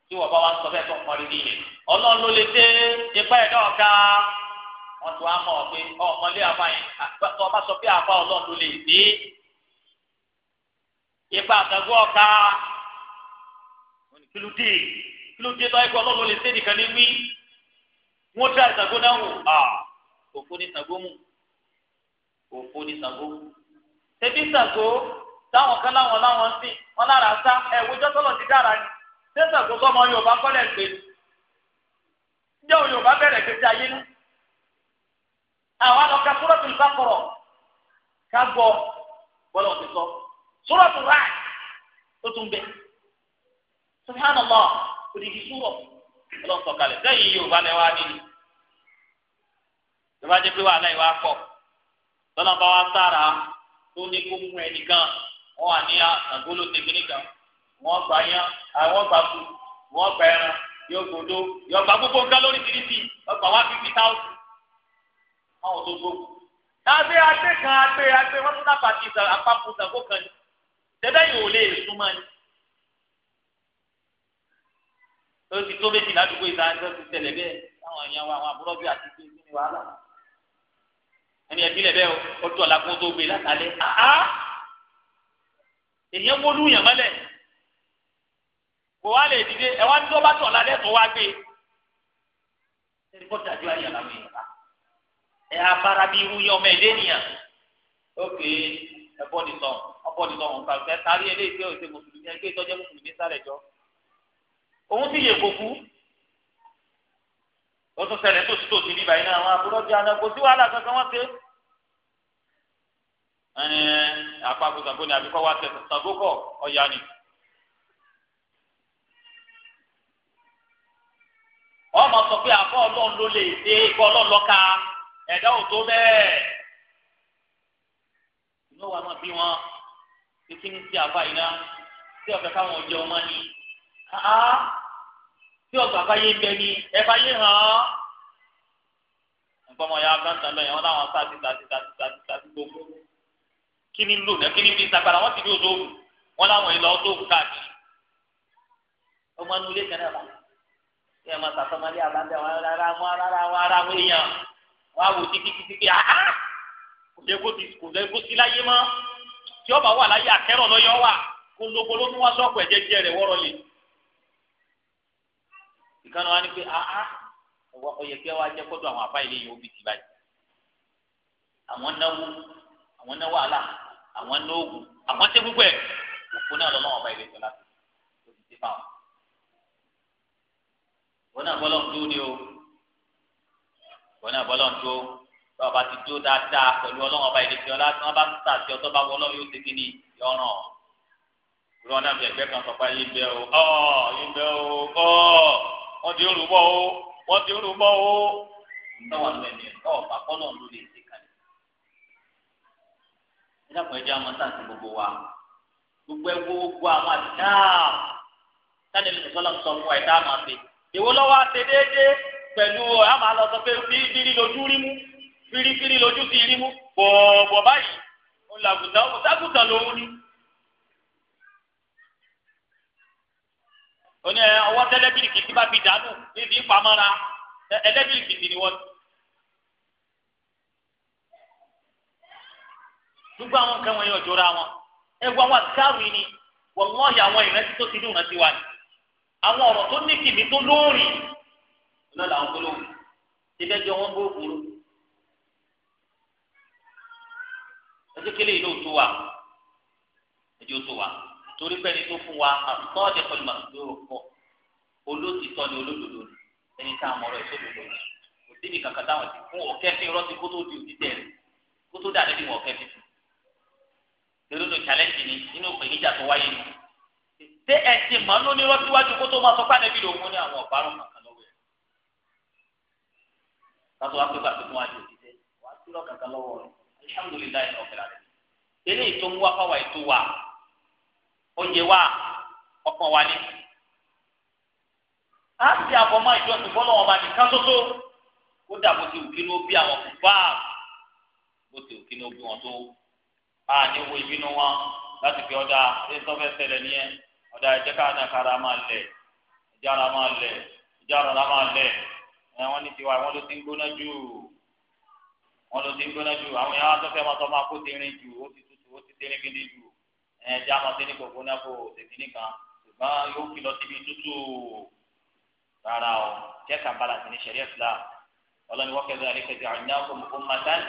tí wọ́n bá wa sọ bẹ́ẹ̀ tó ń pọ́n wọ́n ti wá mọ̀ ọ́ pé ọmọlé àfa yẹn tó ọba sọ pé àfa ọlọ́run ló lè dé ipa àtàgbọ́ ọ̀ka kí ló dé kí ló dé tó ẹgbẹ́ ọlọ́run ló lè dé nìkan ní wí wọ́n tẹ àtàgbọ́ náà wò á òfò ní Ṣàngó mu òfò ní Ṣàngó tẹbí Ṣàngó táwọn kan láwọn láwọn sìn wọn lára sá ẹwùjọ tọlọ ti dára ni tẹsán kó sọmọ Yorùbá kọlẹ pé ǹjẹ́ Yorùbá bẹ̀rẹ̀ pé ayé náà àwa lọ ka suratul Baqara ká gbọ́ bọ́lá òfin sọ suratul Ra'd tó tún bẹ subhanallah òdìdí sùúrọ̀ ọlọ́sọ̀ kalẹ̀ sẹ́yìn yorùbá lẹ́wọ́ adìyẹ yorùbá jẹ́ pé wàhálà ìwà pọ̀ lọ́nà bá wa sára tó ní kó mú ẹnìkan wọn wà ní àgóló tẹkínì kan wọn gbà yán àwọn gbà kú wọn gbà ẹran yóò gbòdó yóò gbà gbogbo nǹkan lórí tìrìtì ọgbà wá fífi táwùsì àwọn tó gbó. Adé adé kan adé adé wọ́n tún náà pàtí ìsàlẹ̀ àpapọ̀ ìsàgbó kan ni. Tẹ́lẹ̀ yìí ò lè súnmọ́ ni. Tó ti tó méjì ládùúgbò ìsàlẹ̀ tó ti tẹ̀lẹ̀ bẹ́ẹ̀ táwọn èèyàn wa àwọn àbúrò bíi àti ìgbésí ni wàhálà. Ẹni ẹbí lẹ̀ bẹ́ẹ̀ ó tó ọ̀làkùn tó gbé látàlẹ́. Èèyàn wọlú yàn mọ́lẹ̀. Kò wá lè dìde ẹ̀ wá ní tó bá tọ̀ lálẹ́ tó wá gbé. Ẹni kọ́ dájú ayé àlàmì ìyàrá ẹ eh, abara bí irú yẹ ọmọ ẹdẹ nìyà ókè ẹbọ nìtọ ọbọ nìtọ ọkà ẹ kárí eléyìí pé òsè mùsùlùmí ẹgbẹ ìtọjẹ mùsùlùmí sálẹ jọ òun sì yẹ gbogbo ó tún ṣẹlẹ̀ tó ti tó ti bíbá iná àwọn àbúrò jẹ àná kò sí wàhálà kankan wọn ṣe ẹni àpapọ̀ sàgbó ni àbíkọ́ wa tẹ̀sán sàgbó kọ̀ ọ̀yà ni. ọmọ sọ pé àbọ̀ ọlọ́run ló lè dé ikọ̀ ọlọ́run lọ́ka ẹ̀dá ò tó bẹ́ẹ̀ inú wa máa bí wọn títí ní ti àbá yìí náà tí ọ̀fẹ́ káwọn ọjọ́ wọn ni tí ọ̀gbà báyé ń bẹ ni ẹ báyé hàn án nǹkan ọmọ ya afghanistan lọ yẹn wọn láwọn sá títà títà títà títà tí gbogbo kí ni lò náà kí ni fi sàkàrà wọn ti di òdòwò wọn láwọn ìlọ òdòwò káàkiri ọmọ inú ilé kan náà bá yẹ ẹ máa sàtọ́ máa lé àbáńdẹ wọn rárá wọn rárá wọn rárá wọn èèyàn wọn á wò tíkítíkí ah kò lè kó kò lè kó sí láyé mọ́ tí ọba wà láyé àkẹ́rọ̀ lọ́yọ́ wà kólókó ló tún wá sọ́ọ̀kù ẹ̀jẹ̀ jẹ́ rẹ̀ wọ́rọ̀ lè. ìkànnì wa ni pé ah ọyẹ kí wàá jẹ́ kótó àwọn àbá ilé yìí ó bì tì báyìí. àwọn náwó àwọn náwó àlà àwọn náwó àwọn tẹ gbogbo ẹ̀ òkú náà lọ́nà ọba ilé tó láti ó ti dé báwọn. wọn náà bọ́ lọ́n tó o wọn náà bọ́lọ̀ ń tó bàbá ti tó dáadáa pẹ̀lú ọlọ́run ọba ìdíje ọlá tí wọ́n bá tà sí ọtọ́ bá wọ ọlọ́run yóò segin ní yọràn ìrọ̀ náà bẹ̀ẹ̀ gbẹ́kan sọ pé yíbẹ̀ o ọ̀ yíbẹ̀ o ọ̀ wọ́n ti rúbọ o wọ́n ti rúbọ o. ìtọ́wà lọ ẹ̀mí ẹ̀kọ́ ọ̀pá kọ́lọ̀ ló lè ṣe kalẹ̀. ẹ dàpọ̀ ẹjẹ́ àwọn sáǹsì gbogbo wa gbogbo ẹgbẹ́ gbogbo àwọn àti pẹ̀lú a máa lọ sọ pé bírí lójú rí mú bíríbírí lójú sí rí mú bọ̀ọ̀bọ̀ báyìí òun làgùtà òun ságùtà lòun ni. oní ẹ ọwọ́ tẹ́lẹ́bìrì kìí bá fi dànù níbi ìpamọ́ra ẹlẹ́bìrì kìí ni wọ́n. gbogbo àwọn nǹkan wọ̀nyí ọ̀jọ́ ra wọn ẹ wá wá káwí ni wọ́n lọ́ọ̀yà àwọn ìrántí tó ti dùn rántí wa ni àwọn ọ̀rọ̀ tó ní kìmí tó lóòrìn náà làwọn gbólóhùn síbẹ̀ jẹ́ wọ́n gbóògùn ló. ẹjọ́ kele yìí ló tó wa ẹjọ́ tó wa torí pẹ́ni tó fún wa àtọ́jẹ́ pẹ̀lú màdúró pọ̀ olótìtọ́ ni olódodo ẹni tá a mọ̀ ọ́ ẹ̀ṣọ́ dodo ni kò síbi kankan táwọn ti fún ọ̀kẹ́fín rọ́ọ̀tì kó tó di òtítẹ́ rẹ̀ kó tó dà níbi wọn ọ̀kẹ́fín fún lórí challenge ni nínú ìpèníjà tó wáyé ni ṣé ẹ ti mọ̀ lónírọ́ síwájú kó tó máa sọ pé ànábì lòun ní àwọn ọ̀bárùn-ún kátó wá pé bàtí fún wájú òṣìṣẹ́ wàá tí lọ kankan lọ́wọ́ rẹ̀ alihamudulilayi ní ọ̀fẹ́ rẹ̀ eléyìí tó ń wá fáwa ètò wa oúnjẹ wa ọkàn wa ni a ti àbọ̀mọ́ ìjọsìn fọlọ́wọ́n bá nìkan tó tó kó dà bó ti òkè ní ó bí àwọn kò bá bó ti òkè ní ó bí wọn tó a ní wo ìbínú wọn láti fi ọ̀dà ẹni tó fẹ́ ṣẹlẹ̀ nìyẹn ọ̀dà ẹ̀jẹ̀ káàdà kára máa lẹ̀ ìjára máa lẹ̀ ìjára máa lẹ̀ wọn ní tiwa wọn ló ti ń gbóná jù wọn ló ti ń gbóná jù àwọn yàrá tó fẹ́ máa tọ́ máa kó tẹ̀rín jù ó ti tutù ó ti tẹ̀rín gidi jù ẹ̀ẹ́dì àmọ́ tẹ̀rín kò gbóná kò tẹ̀sí nìkan ṣùgbọ́n yóò kìlọ̀ síbi tútù rárá o jẹ́ka balance ní sẹ̀rí ẹ̀fúlà ọlọ́ni wọ́n kẹ́sì àríkẹ́ ti àrùn náà fún mọ́tán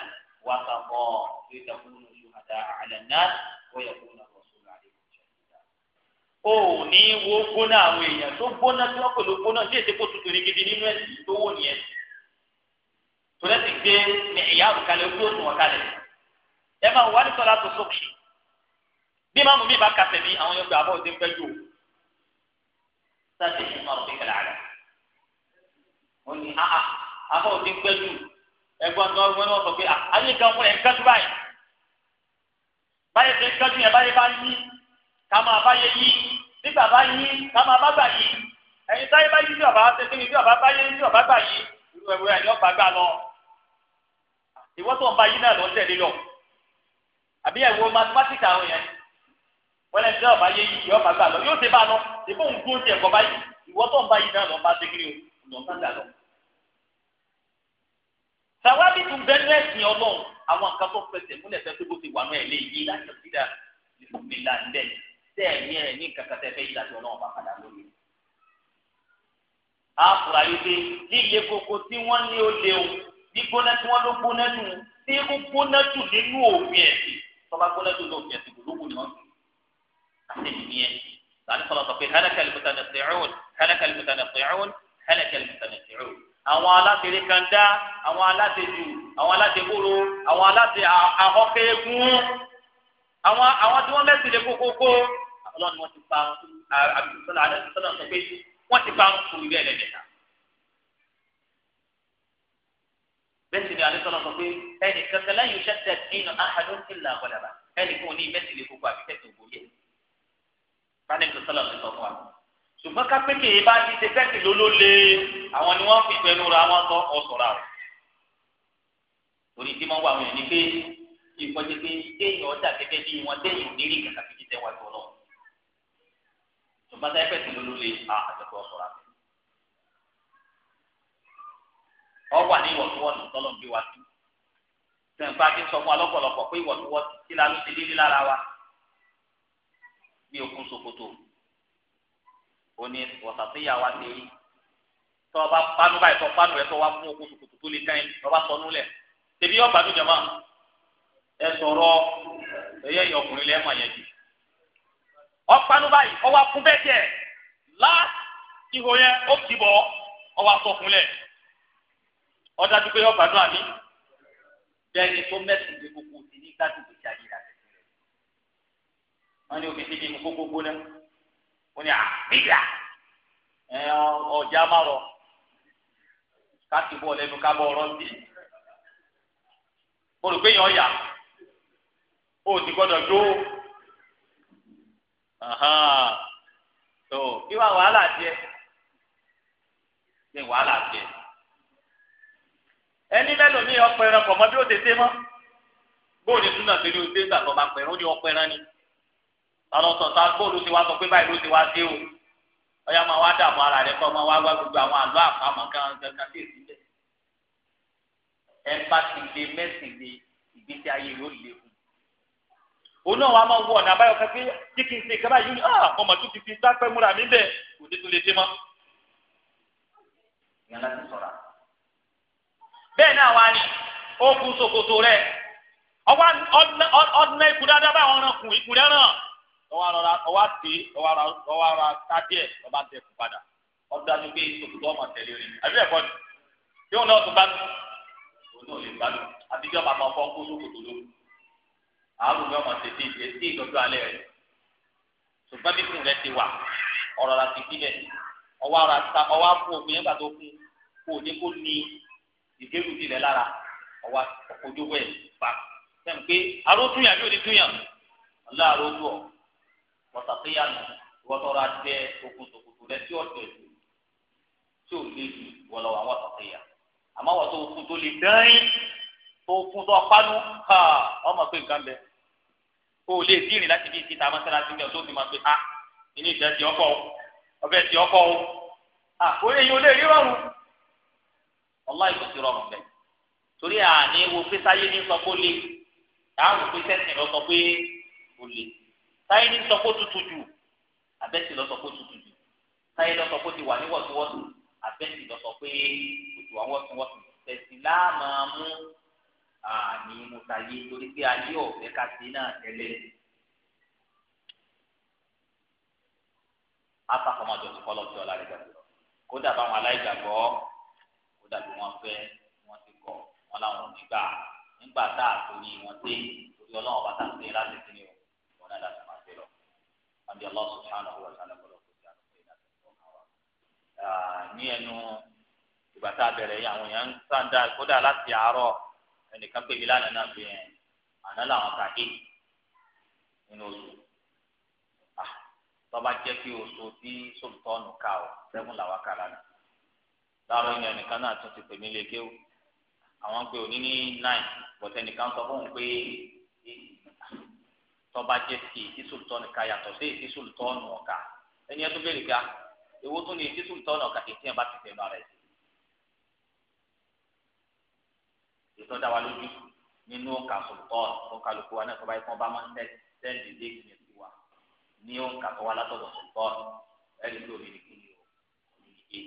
wàtàkọ́ tó ìtàkùn o ò ní wo gbóná àwọn èèyàn tó gbóná tí wọ́n pèlú gbóná tí èsì kò tutù ní gidi nínú ẹ̀sìn tó wò nìyẹn tòlẹ́sì gbé ní ìyá àbùkalẹ̀ ojú òsùn wọn kalẹ̀ ẹ máa wà ní sọ́lá tó sókè bí máàmù mi bá kàtẹ́ mi àwọn yọ̀gbẹ́ àbọ̀ òde ń fẹ́ jù ó sáté ní ma òde kẹlẹ́ àlẹ́ ó ní àhà àbọ̀ òde fẹ́ jù ẹgbọ́n tó wọn wọ́n sọ pé àyè ah, kan fún ẹ̀ ń kẹ́tù báyìí báyìí ká máa bá yẹ yí bí bàbá yí ká máa bá gbà yí ẹ̀yin táyé bá yí bí ọba ṣe kéwì bí ọba bá yé bí ọba gbà yí irú ẹ̀rọ ẹ̀yọ́ gbà gbà lọ ìwọ́ tó ń bá yí náà lọ tẹ̀lé lọ àbí ẹ̀wọ̀ mathematics àwọn yẹn wọ́n lẹ́nu tí ọba yé yí yọ gbà gbà yóò ṣe bá lọ ìbò ń dún tiẹ̀ kọ́ báyìí ìwọ́ tó ń bá yí náà lọ ń bá ṣe kiri lọ ń bá gbà lọ. sàwábì tún bẹnu ẹ̀sìn ọlọ́run àwọn nǹkan tó fẹsẹ̀ múlẹ̀ bó ti wà náà ẹ̀ lé yí láti tẹ́ ẹ̀mí rẹ̀ ní kankan tẹ́ fẹ́ yí ìdájọ́ náà bá padà lórí. a fura yìí pé líle koko tí wọ́n ní ó léwu gbígbóná tí wọ́n ló gbóná jù tí ó gbóná jù nínú òfin ẹ̀sìn tọ́ba gbóná jù nínú òfin kò lówó ni wọ́n fi àtẹ̀yìn láti sọ̀rọ̀ sọ pé hẹ́lẹ́kẹ̀lì mùtànàfẹ́rún hẹ́lẹ́kẹ̀lì mùtànàfẹ́rún hẹ́lẹ́kẹ̀lì mùtànàfẹ́rún àwọn aláṣẹlẹ kan àwọn aláṣẹjù àwọn aláṣẹkóró àwọn aláṣẹ ahọ́kẹ́gún àwọn àwọn tí wọ́n mẹ́sìn lè kókókó ọlọ́run wọn ti pa àbíkúsọ́lá àdẹ́sọ́lá sọ pé wọ́n ti pa fún ìwé ẹ̀lẹ́mẹ̀ta. bẹ́ẹ̀ sì ni àdẹ́sọ́lá sọ pé ẹnì kankan lẹ́yìn iṣẹ́ tẹ̀ nínú ahadun illa ghalaba ẹnì kan ní mẹ́tì lè kókó àbí tẹ̀sán ògbó yẹ. báyìí ní sọ́lá ti sọ fún wa. ṣùgbọ́n kápẹ́kì bá ti ṣe fẹ́ẹ̀tì lólóle àwọn ni wọ́n fi pẹ̀lú ra wọn sọ ọ̀sọ̀ra o. orí tí wọ́n wà wọn ni pé ìkọ́jẹ́ pé ṣùgbọ́n táyà pẹ̀sì ló ló lè a àjọpọ̀ ọ̀sọ̀rọ̀ àbẹ̀. ọ wà ní ìwọ̀ntúnwọ̀ntún tọ́lọ̀ ń gbé wa tú. sẹ́ǹpá ti sọ fún wa lọ́pọ̀lọpọ̀ pé ìwọ̀ntúnwọ̀ntún kí la ló ti dé lára wa bí okun ṣòkòtò òní wọ̀sàtúnyà wa ti rí tọ́ ọba panu báyìí tọ́ panu rẹ̀ tọ́ wa mú okun ṣòkòtò tó le káyìn ọba sọ núlẹ̀ tẹ̀bí ọgbàdújọ́ máa ẹ sọ̀rọ̀ ẹ̀yẹ́ ìyọkùnrin lẹ́ẹ̀mọ̀ yẹn jù ọ̀pánu báyìí ọwọ́ akún bẹ́ẹ̀ tiẹ̀ lá ihò yẹn ó ti bọ̀ ọwọ́ akọkùnlẹ̀ ọ̀dájú pé ọgbà náà ní bẹ́ẹ̀ni tó mẹ́sùn lé gbogbo ti ní gbádùn ìgbésí ayé rẹ̀ wọ́n ní omi ti di gbogbo gbogbo náà wọ́n ní àbíyà ọjà máa rọ káàkiri bọ́ lẹ́nu ká bọ́ ọ̀rọ̀ sí mo rò pé yẹn ọ̀yà o ò ti gbọ́dọ̀ dúró. tó kí wá wàhálà tiẹ̀ ṣe wàhálà tiẹ̀ ẹni mẹlòmíì ọpẹran kọmọ bí ó ti ṣe mọ bóòlù súnà torí oṣù tẹsán tó bá pẹrun ó ní ni bóòlù ti wá sọ pé báyìí ló ti wá dé o ọyá máa wá dààmú ara rẹ kọ́ máa wá wá gbogbo àwọn àlọ́ àpamọ́ kan kankan sí èsì bẹ́ẹ̀ ẹ bá ti lé òun náà wàá máa wọ ọ̀nà àbáyọ kan pé tí kì í yìí ah mo mọ̀ tún ti fi sápẹ́ múra mi bẹ́ẹ̀ kò ní tún lè dé mọ́. ìyẹn láti sọ̀ra. bẹ́ẹ̀ náà wá ní ó kú ṣòkòtò rẹ̀ ọ̀nà ikú dáadáa báyìí wọn kù ikú rẹ̀ náà ọwọ́ àti ọwọ́ ara tádìẹ̀ ọba tẹ̀ kú padà ọdún àti pé ṣòkòtò ọmọ tẹ̀lé rẹ̀ àbí ẹ̀kọ́ ni yóò náà tún bá tún òun náà lè gbádùn àbíjọ́ bàbá ọkọ̀ kú ṣòkòtò lókun àárò ní ọmọ tètè ìdè sí ìtọ́jú alẹ́ rẹ̀ ṣùgbọ́n bí kùn rẹ̀ ti wà ọ̀rọ̀ la ti bílẹ̀ ọwọ́ ara ta ọwọ́ fún òkú yẹn gbàtó fún kó o ní kó ní ìgbérù tilẹ̀ lára ọwọ́ ọkọ̀jú wẹ̀ pa sẹ́mi pé arótúnyà bí òní túnyà ọ̀là àrótú ọ̀ mọ̀tàkéyà nù ìwọ́tọ́ra jẹ́ okùn tòkòtò rẹ̀ tí ọ̀tọ̀ ètò tí ò lé ju ìwọ́lọ́wọ́ àwọn tàkéyà àmọ́ wọ́n tó tó le dán tó tó apánú ọmọ pé nǹkan bẹ́ẹ̀ o lè dìrìn láti bí ìsìta mọ́sálásí ní ọ̀tún ti máa pe a inú ìdá ti ọkọ ọbẹ̀ ti ọkọ o àkórè yìí o lè rí rọrùn ọláì kò sí rọrùn bẹ́ẹ̀ torí àní wo pé sáyé ní sọ pé ó le táwọn òpin sẹ́sìn lọ sọ pé ó le sáyé ní sọ pé ó tutù jù abẹ́sì lọ sọ pé ó tutù jù sáyé lọ sọ pé ó ti wà níwọ̀ntúnwọ̀ntún abẹ́sì lọ sọ pé ó ti wà wọ̀ntúnwọ̀ntún tẹ̀sí láàmú àní mùtàyé torí pé ayé ọ̀fẹ́ ká sí náà tẹ́lẹ̀. afakọmọdé ti kọlọ tí ọlá rẹ gbàgbọ́ kódà báwọn aláìgbàgbọ́ kódà bí wọn fẹ́ wọn ti kọ̀ wọn làwọn ò ní gbà nígbà tá a tó ní wọn dé torí Ọlọ́run bàtà ń sẹ́yìn láti kí ni wọn náà láti máa ṣe lọ. àbí Allah subhanahu wa ta'ala kọlọ kó ti àná pé láti sọ ọmọ wa. ní ẹnu ìgbà tá a bẹ̀rẹ̀ yìí àwọn èèyàn ń sáńdà kódà láti àárọ̀ ẹnìkan pé mi lánàá náà fi hàn àná làwọn ká dé nínú oṣù ah, tọ́ba jẹ́ kí oṣù tí sọ̀tọ́ọ̀nù ká o sẹ́gun làwọn kà lánàá láàárọ̀ yìí ẹnìkan náà tún ti pè mí lékè o àwọn pé òní ní nine but ẹnìkan sọ fún un pé tọ́ba jẹ́ kí èyí sọ̀tọ́ọ̀nù ká yàtọ̀ sí èyí sọ̀tọ́ọ̀nù ọ̀ka ẹni ah, ẹ tó bẹ̀rẹ̀ ká ewu tún ní èyí sọ̀tọ́ọ̀nù ọ̀ka kì í tiẹ̀ bá ti tẹ̀ lọ sí. ètò ọ̀dà wa lójú nínú òǹkà sultan òǹkàlùkù wa náà tó báyìí fún ọba máa ń tẹ́ǹdì déèkì ní wa ní òǹkà tó wá látọ̀dọ̀ sultan ẹni tó lè kí ni o yé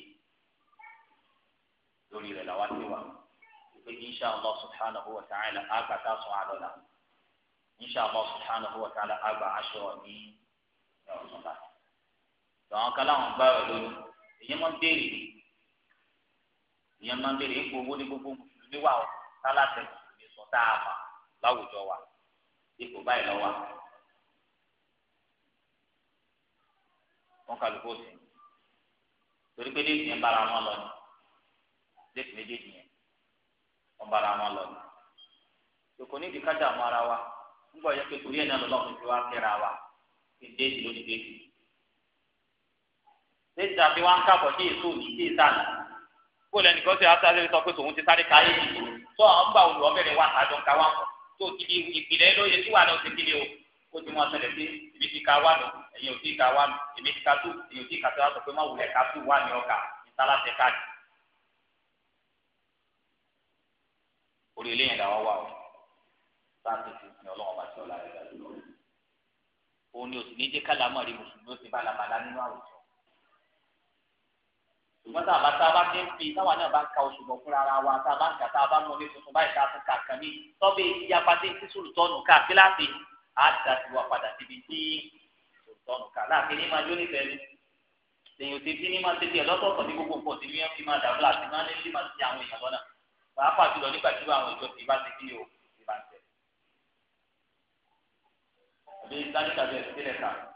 lórí rẹ̀ làwa ti wà pé insha Allah subhanahu wa ta'ala àgbà tá a sọ àlọ́lá insha Allah subhanahu wa ta'ala àgbà aṣọ ní ọ̀sán láti. tọ́wọ́n kálá rẹ̀ lónìí èyí máa ń béèrè èyí máa ń béèrè ipò owó ní gbogbo mùsùlùmí wà ó sálàtẹ̀ mùsùlùmí sọ tá a mà láwùjọ wa ipò báyìí lọ́wọ́ wọn kàlùkù òsì torí pé déètì yẹn bára wọn lọ ni déètì méjèèjì yẹn wọn bára wọn lọ ni kòkò ní ìdíkájà àwọn ara wa nígbà yẹn pé torí ẹ̀ náà lọ́wọ́ fi wá kẹ́ra wa kí déètì lónìí déètì déètì àfi wá ń kàbọ̀ sí èso òní sí ìsàlẹ̀ kó lẹ́nìkan ṣe àtàlẹ́ sọ pé tòun ti sáré káyé ìdìbò tó àwọn gbà wù ọbẹ̀rẹ̀ wà ká dọ̀ka wà pọ̀ tó ti di ìpìlẹ̀ lóye tí wà lọ sí kíni o kó ti mọ ṣẹlẹ̀ sí ibi tí ká wà lọ ẹ̀yìn òtí ká wà lọ èmi ti ká tó èyìn òtí ká tó wà sọ pé má wulẹ̀ ká tó wà ní ọkà ìtàlá káàdì. orí eléyìn làwọn wà o sáàtì ti sin ọlọ́wọ́n bá ti ọ̀la rẹ̀ lọ. òun ni òsì ní jẹ́ kálámọ̀ rí mùsùlùmí ó ṣùgbọ́n tá a bá tá a bá ti ń fi táwa náà bá ń ka oṣù bọ̀ fúnra ara wa tá a bá ń kà tá a bá mọ ní tuntun báyìí tá a tún kà kàn mí tọ́bí ìyá pàdé tí sòlùtọ́nù ká kíláàsì á dà sí wa padà síbi tí sòlùtọ́nù ká láti ní máa jó nífẹ̀ẹ́ ni lèyìn òsè bí ní máa tètè ẹ̀ lọ́tọ̀ọ̀tọ̀ ní gbogbo nǹkan tèmi fi máa dàrú láti máa ní límà sí àwọn èèyàn lọ́nà pàápàá jùlọ nígbà tí àwọn ìjọ ti bá ti bí o ìbá ń tẹ̀. àbí ìdájọ́ tàbí ẹ̀sìn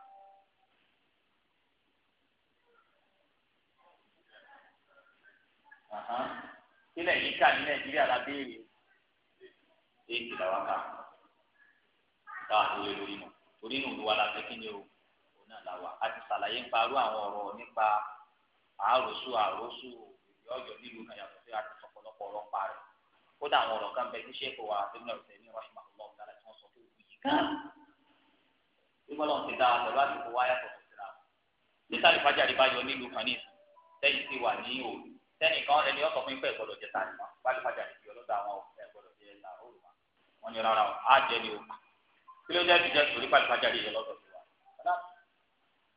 ilẹ̀ yìí kà ní nàìjíríà la béèrè èyí làwọn kà táwọn lórí kí ni o òun náà la wà á ti ṣàlàyé àwọn ọ̀rọ̀ nípa àròsù àròsù ìyá nílùú náà yàtọ̀ sí àti ọ̀pọ̀lọpọ̀ ọ̀rọ̀ pa rẹ̀ kódà àwọn ọ̀rọ̀ kan bẹ tí wa wọ́n sọ pé òun yìí kan ti ra nítorí sẹ́nìkan ẹni ọ̀sọ̀ fún ipẹ́ ìgbọ́dọ̀ jẹ tani wọn pálípàjà ní ti ọlọ́dọ̀ àwọn ìgbọ́dọ̀ jẹ ẹ̀la òòlù wọn wọn ni rárá o jẹ ni o kí ló jẹ́ ìjẹ́ sórí pálípàjà ní ìyẹlọ́dọ̀ sí wa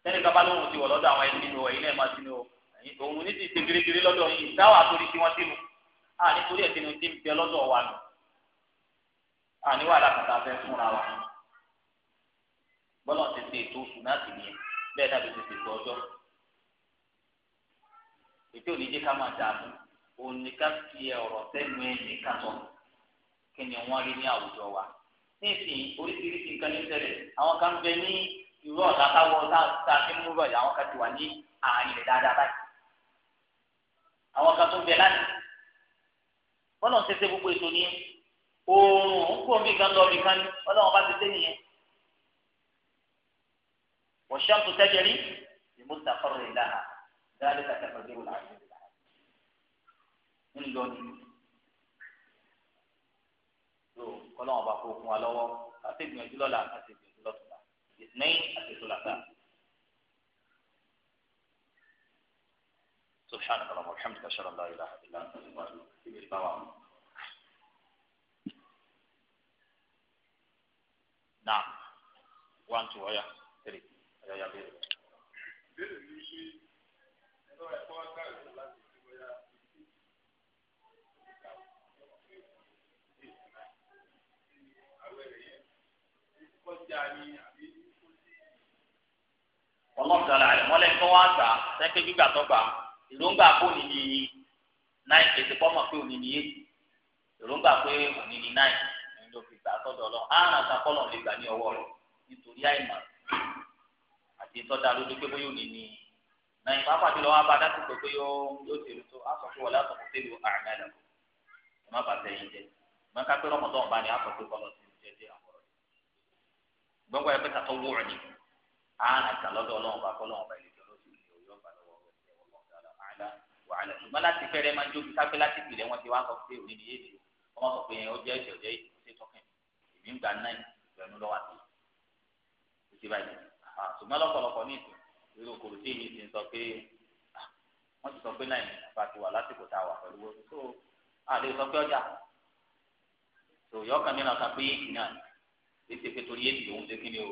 sẹ́nìkan bá lóhùn ti wọ̀ lọ́dọ̀ àwọn ẹni nínú ẹ̀yin náà máa sínú òun ní ti ṣe kirikiri lọ́dọ̀ yìí dáwà torí tí wọ́n sínú à nítorí ẹ̀ sínú tí ń bẹ lọ́dọ̀ wa nù à ní wàhálà kàtà fẹ́ fúnra wa bọ́lá ti ṣe ètò oṣù náà ètò onídjé ká máa dààmú òní ká fi ọ̀rọ̀ sẹ́nu ẹ̀ nìkan sọ kí ni wọ́n rí ní àwùjọ wa nísìnyí oríṣiríṣi nǹkan ní ṣẹlẹ̀ àwọn kan bẹ ní irú ọ̀la táwọn tá a fi mú rọ̀ yìí àwọn kan ti wà ní àárín rẹ̀ dáadáa báyìí àwọn kan tó bẹ láti bọ́lọ̀ ṣẹṣẹ gbogbo ètò ni oòrùn ń kó omi kan lọ omi kan ní ọlọ́run bá ti dé nìyẹn wọ́n ṣàǹtò tẹ́jẹ̀rí ìmúta fọ́rọ̀ ìlànà. ذلك تقدير العزيز العليم ńlọrin tó kọlọ́wọ́n bá kó fún wa lọ́wọ́ àti ìgbìyànjú lọ́la àti ìgbìyànjú lọ́tùlá ìsìnẹ́yìn àti ìtòlàtà. سبحانك اللهم وبحمدك اشهد ان لا اله الا انت استغفرك واتوب نعم وانت ويا تري يا يا بيرو ọlọ́dàlà àlùmọ́lẹ̀ tó wá gbà sẹ́kẹ́ gbígbà tó gbà èròǹgbà kó ní ní náì kẹsì pọ́mọ̀ pé òní ní èyí èròǹgbà pé òní ní náì ní ló fi gbà tọ́jọ́ lọ àrùn àtàkọ́lọ̀ lè gbà ní ọwọ́ rẹ̀ nítorí àìmọ̀ àti ìtọ́jà lójú pé bóyá òní ní èyí nàìjíríà pàápàá jùlọ wọn bá dákú pé pé yóò yóò tèlú tó a sọ pé wọlé àtọkù tèlú àrùn àdàkù ẹ má bàtẹ yín jẹ mọ ká pé rọmọdọ ọba ni a sọ pé kọlọ tèlú jẹ jẹ àkọrọ gbọgbọ ẹ pé kàtọ wúrọ ni a nà ìta lọ́dọ̀ Ọlọ́run bá kọlọ ọba ìlẹjọ lọsí ni òye ọba lọ́wọ́ ọgbẹ Ọlọ́run dára àlà wàhálà ṣùgbọ́n láti fẹrẹ máa ń jó kíkà pé láti gbìlẹ wọn ti wá sọ pé òní ni o wọn sọ pé yẹn ó irú kòròdì mi ti sọ pé ah, wọ́n ti sọ pé náà ìjọba ti wà lásìkò tá a wà pẹ̀lú wọn tó àlè sọ pé ọjà tó yọkàn mi náà kan pé yéèkì náà ètò pé torí yéèkì òun ṣe kí ni o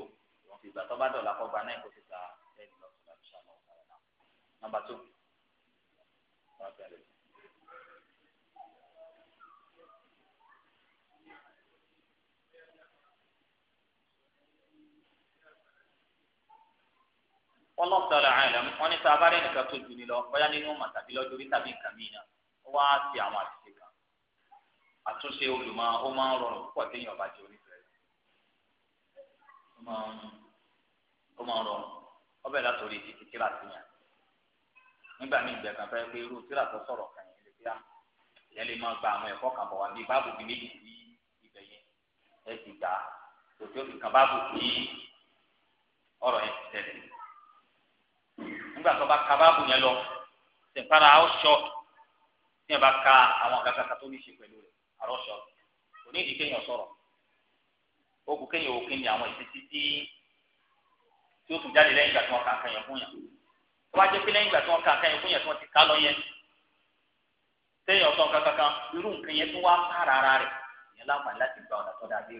òun tó bá dọ̀là kọ́ gba náà kó ti gbà ẹ̀ẹ́dì lọ́sọ̀rọ̀ àti sàmọ́ ọ̀gá náà nọ́mbà tó. wallahu ta'ala alam wọn ní sábà rẹ nìkan tó ju ni lọ bóyá nínú màtàbí lọ́jọ́ orí tàbí nǹkan mìíràn ó wá ti àwọn àṣìṣe kan àtúnṣe olùmọ̀ ó máa ń rọrùn púpọ̀ téèyàn bá jẹ ó máa ń rọrùn ọbẹ̀ látòrí ti kíkíra sí yàn nígbà míì kan fẹ́ pé irú tó sọ̀rọ̀ lè máa gba àwọn ẹ̀kọ́ kan bọ̀ wá báàbù méjì sí ibẹ̀ yẹn ẹ ti gbà kan báàbù nígbà tó bá ka báàbù yẹn lọ sèpara ọṣọ tí yẹn bá ka àwọn gàgàkà tó ní ṣe pẹ̀lú rẹ̀ àrọ́ṣọ kò ní ìdí kéèyàn sọ̀rọ̀ ó kù kéèyàn ò kéèyàn àwọn ìṣesí tí tí ó tún jáde lẹ́yìn ìgbà tí wọ́n kà ń kẹyàn fún yàn tó bá jẹ́ pé lẹ́yìn ìgbà tí wọ́n kà ń kẹyàn fún yàn tí wọ́n ti ká lọ yẹn téèyàn sọ nǹkan irú nǹkan yẹn tún wá kára ara rẹ̀ ìyẹn láǹfààní láti gba ọ̀nà tó dáa ṣé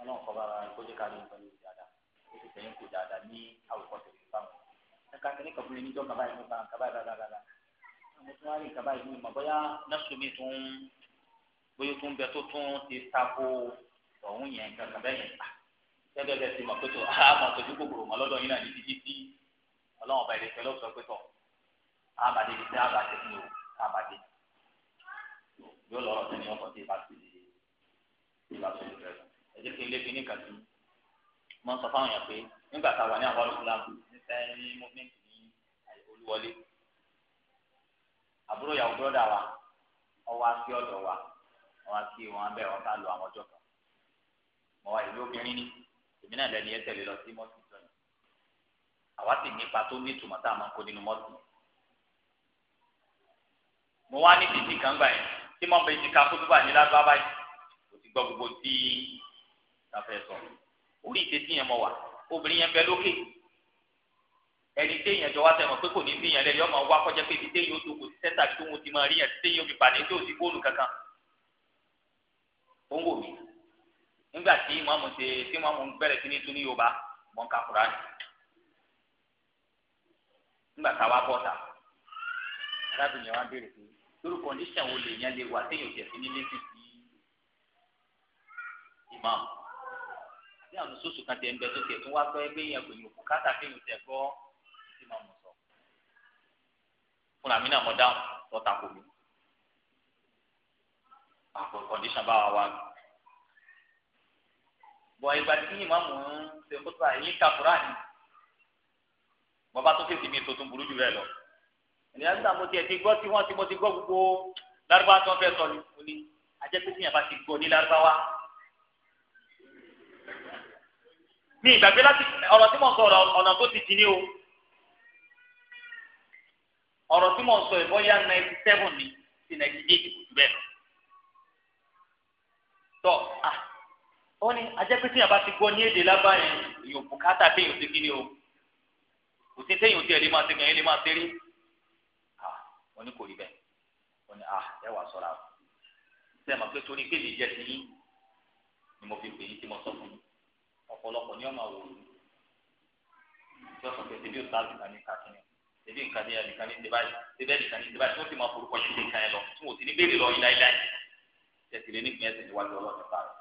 ọlọ́run kọ́ bá ara rẹ̀ kó jẹ́ ká lóun pẹ̀lú ó sì tẹ̀yìn kò dáadáa ní àwòkọ́ṣe ka kini ka fúnni níjọ kaba yìí kan kaba yìí dada dada mo tún wá rí kaba yìí mọ bóyá nọ́ọ̀sù mi tún bóyá tún bẹ tó tún ti tako ọ̀hún yẹn kankan bẹ́ẹ̀ yẹn ta ah, gẹ́gẹ́ bẹ́ẹ̀ ti mọ̀ pé tó a mọ̀ tó dúpọ̀ gbòòrò mọ́ lọ́dọ̀ yín náà ní títí tí ọlọ́wọ́n bá ìrẹsẹ̀ lọ́sọ̀ pé tọ̀ abàdé ti tẹ́ abàdé ni o abàdé yóò lọ́rọ̀ sẹ́ni ọkọ̀ tí ìbá ti ti ìbá tó ti rẹ̀ ẹ̀ jẹ́ kí n lé fi ní kàtí mọ́ sọ fáwọn yẹn pé nígbà táwa ní àwọn ọlọ́sùn láàbù ẹni movement ní olúwọlé àbúrò ìyàwó bọ́dà wa ọwọ́ akí ọ̀dọ̀ wa ọwọ́ akí wọn abẹ́ wọn ká lọ àwọn ọjọ́ kan mọ wa ìlú obìnrin ni èmi náà lẹni yẹn tẹ̀lé lọ sí mọ́tì jọ yẹn àwa sì nípa tó ní ìtumọ̀ tá a máa kó nínú mọ́tì mo wá ní títì kan gbà yẹn tí mo bẹ jìkà kó túbà ní lágbá báyìí kò ti gbọ́ gbogbo tí a fẹ́ sọ orí ìtẹ́sí yẹn mọ wa obìnrin yẹn bẹ lókè ẹni téèyàn jọ wá sẹ́wọ̀n pé kò ní sí yẹn lẹ́yìn ọmọ wa kọjá pé ibi téèyàn ó tó kò sí sẹ́ńtà tó ń ti máa rí yẹn téèyàn fi pàdé tó ti bóòlù kankan. ó ń wò mí nígbà tí màmú ṣe tí màmú bẹ̀rẹ̀ sí ní tún ní yorùbá mọ̀ ká kura ni. nígbà tá a wá bọ́ ta arábìnrin wa béèrè pé lórí kọ́ndíṣàn wo lè yẹn lè wà téèyàn jẹ̀ sí nílé sí sí ìmáàmù. àti àwọn sóṣù kan tẹ̀ ń bẹ tó tẹ̀ tó wá pẹ́ gbé yẹn kò ní òkú káàtà fúnra mi náà mo dáhùn lọ́ta kò mí. àpò kọ̀ǹdíṣàn bá wa wá. bọ̀ ìgbà tí ìmáàmù ń ṣe kótó àyè kakura ni bàbá tó fèsì mi tó tún burú jù rẹ lọ. ènìyàn nígbà mo tiẹ̀ ti gbọ́ tí wọ́n ti mo ti gbọ́ gbogbo lárúbá tó ń fẹ́ sọ ni mo ní ajẹ́pẹ́ tí ti gbọ́ ní lárúbá wa. ìgbàgbé láti ọ̀rọ̀ tí mo sọ ọ̀nà tó ti di ní o ọ̀rọ̀ tí mò ń sọ ìbọ́yá ninety seven ni sí ninety eight kò jù bẹ́ẹ̀ lọ. tọ́ a ó ní ajẹ́pẹ́sí yàrá ti gbọ́ ní èdè lábáyẹn èèyàn bùkátà téèyàn ti kíni o kò sí téèyàn ti ẹ̀ lè máa ṣe kàn lè máa ṣe rí wọ́n ní kò rí bẹ́ẹ̀ wọ́n ní ẹ wà sọ́ra o ṣe é máa pé torí pé lè jẹ́ sí yín ni mo fi pè yín tí mo sọ fún yín ọ̀pọ̀lọpọ̀ ni ọ máa wò ó tí wọ́n sọ bí o sáà lùkà ní kàkínní ṣebí nǹkan ní ẹnìkan ní tẹ́bá tẹ́bá nìkan ní tẹ́bá tí wọ́n ti máa forúkọ ṣe nǹkan ẹ lọ tí wọ́n ti ní béèrè lọ yín láíláí tẹ̀sí lé nípìnyẹn tẹ̀sí wájú ọlọ́run bá rẹ̀.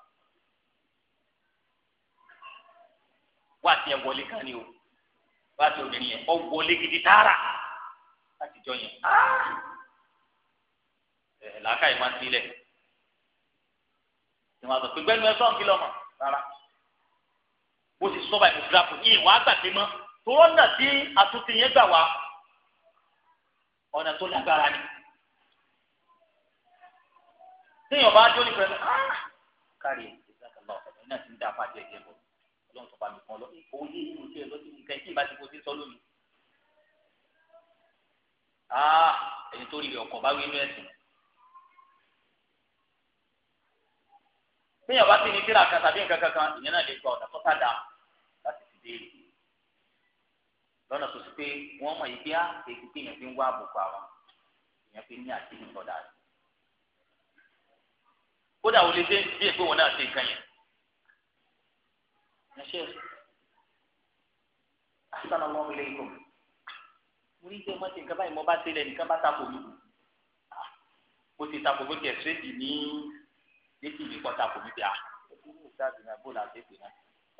wá tiẹ̀ wọlé kan ni o wá tiẹ̀ obìnrin yẹn ọ wọlé gidi tààrà láti jọ yẹn ẹ̀ làákàyè máa ń sílẹ̀ ìwọ̀n àtọ̀ pé gbẹ́nu ẹ sọ̀n kí lọ́mọ rárá bó ti sọ́ba ìfúdàpọ̀ ní ìwà àgbàdé mọ́ tó rọ́nà tí àtúntì yẹn gbà wá ọ̀nà tó lágbára ni téèyàn bá jó ní pẹ̀lú ah! kárí ìdáka lọ ọ̀dọ̀ iná ti ń dá apájọ ẹ̀jẹ̀ bọ̀ ọlọ́run tó bá mi fún ọ lọ owó yé inú iṣẹ́ lọ sí nǹkan tí ìbá ti fojú sọ lómi. Ah! ẹni tó rí ọkọ̀ bá wí inú ẹ̀sìn. téèyàn bá ti ní tíra kan tàbí nǹkan kankan ìyẹn náà lè gba ọ̀dà tó sá dáa láti fi béèrè lọ́nà tó ti pé wọ́n mọ̀ yìí bí á èyí tí èèyàn fi ń wá àbùkù àwọn èèyàn fi ní àti ìtọ́dà rẹ̀. kódà ò lè dé bí èpè wọn náà ṣe nǹkan yẹn. ẹ ṣe àṣàlọ wọn lè kọ mo ní jẹ́ mọ́tì nǹkan báyìí mo bá ṣe lẹ̀ nìkan bá ta kò mí. Ah, mo ti ta kò mí kẹ̀ ṣéèdì ní létí ìlú kọ́ ta kò mí bí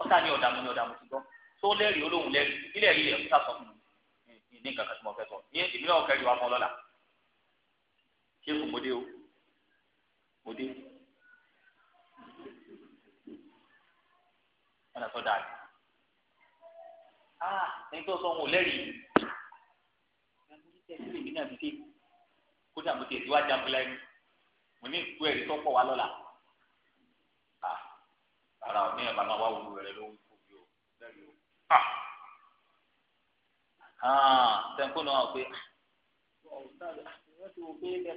ọ̀sán ni ọ̀dàmú ni ọ̀dàmú ti gbọ́ tó lẹ́rìí olóhùn lẹ́rìí ilé ẹ̀rí rẹ̀ ń sàtọ̀ fún mi ní nǹkan kan tí mo fẹ́ sọ ní èmi náà kẹ́rì wá fún lọ́la ṣé kò mọdé o mọdé wọn lọ dáa ni ah ẹni tó sọ wọn ò lẹ́rìí èmi náà fi dé kódà mo ti èdè wá jambula ẹni mo ní ìkú ẹ̀rí tó pọ̀ wá lọ́la ah ara ọ̀ ní ẹ̀ bàbá wa wù rẹ̀ lóhùn sẹ́ńkó ah. ah, náà pé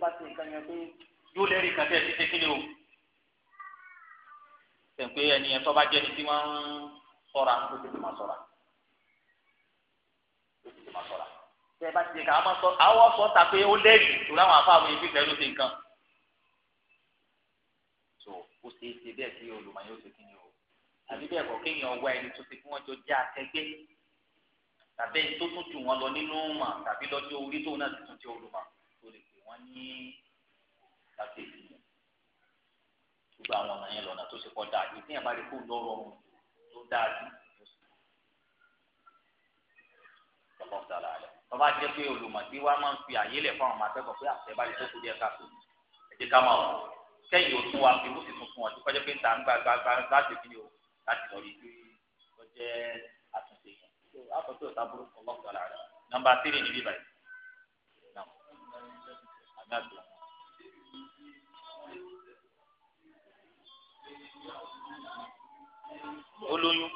ah. yóò lẹ́rì kan tẹ́ ti tẹ́kílẹ̀ o sẹ́ńkó ẹni ẹ̀ tọ́ba jẹ́ ni tí wọ́n ń sọ̀ra ó ti tẹ̀ máa sọ̀ra ó ti tẹ̀ máa sọ̀ra tẹ́ ẹ bá ti kà á máa sọ àwọn sọ ta pé ó lẹ́rì tó láwọn afáwọn ibi ìfẹ́ ló ti nǹkan so ó ṣe é ṣe bẹ́ẹ̀ kí olùmọ̀ yóò ṣe kí ni àbí bẹ́ẹ̀ kọ́ kéèyàn wá ẹni tó ti fún wọn jọ jẹ́ akẹgbẹ́ tàbí ẹni tó tún jù wọn lọ nínú mà tàbí lọ́jọ́ orí tóun náà ti tún jẹ́ olùmọ̀ tó lè pè wọ́n ní láti ìdílé gbogbo àwọn ọ̀nà yẹn lọ́nà tó ṣe kọ́ dáa ìdí yẹn bá rí kó lọ́rọ̀ ọ̀hún tó dáa jù lọ́sọ̀ àlà rẹ̀ tọ́ba jẹ́ pé olùmọ̀ tí wàá máa ń fi àyè lẹ̀ fún àwọn akẹ́kọ̀ọ́ pé láti lọ rí i tó jẹ́ àtúnṣe yẹn tó àkọsí ọ̀tá burúkú ọlọ́pàá ara rẹ̀ nọ́mbà tírì níbí báyìí àmì àdúrà. olóyún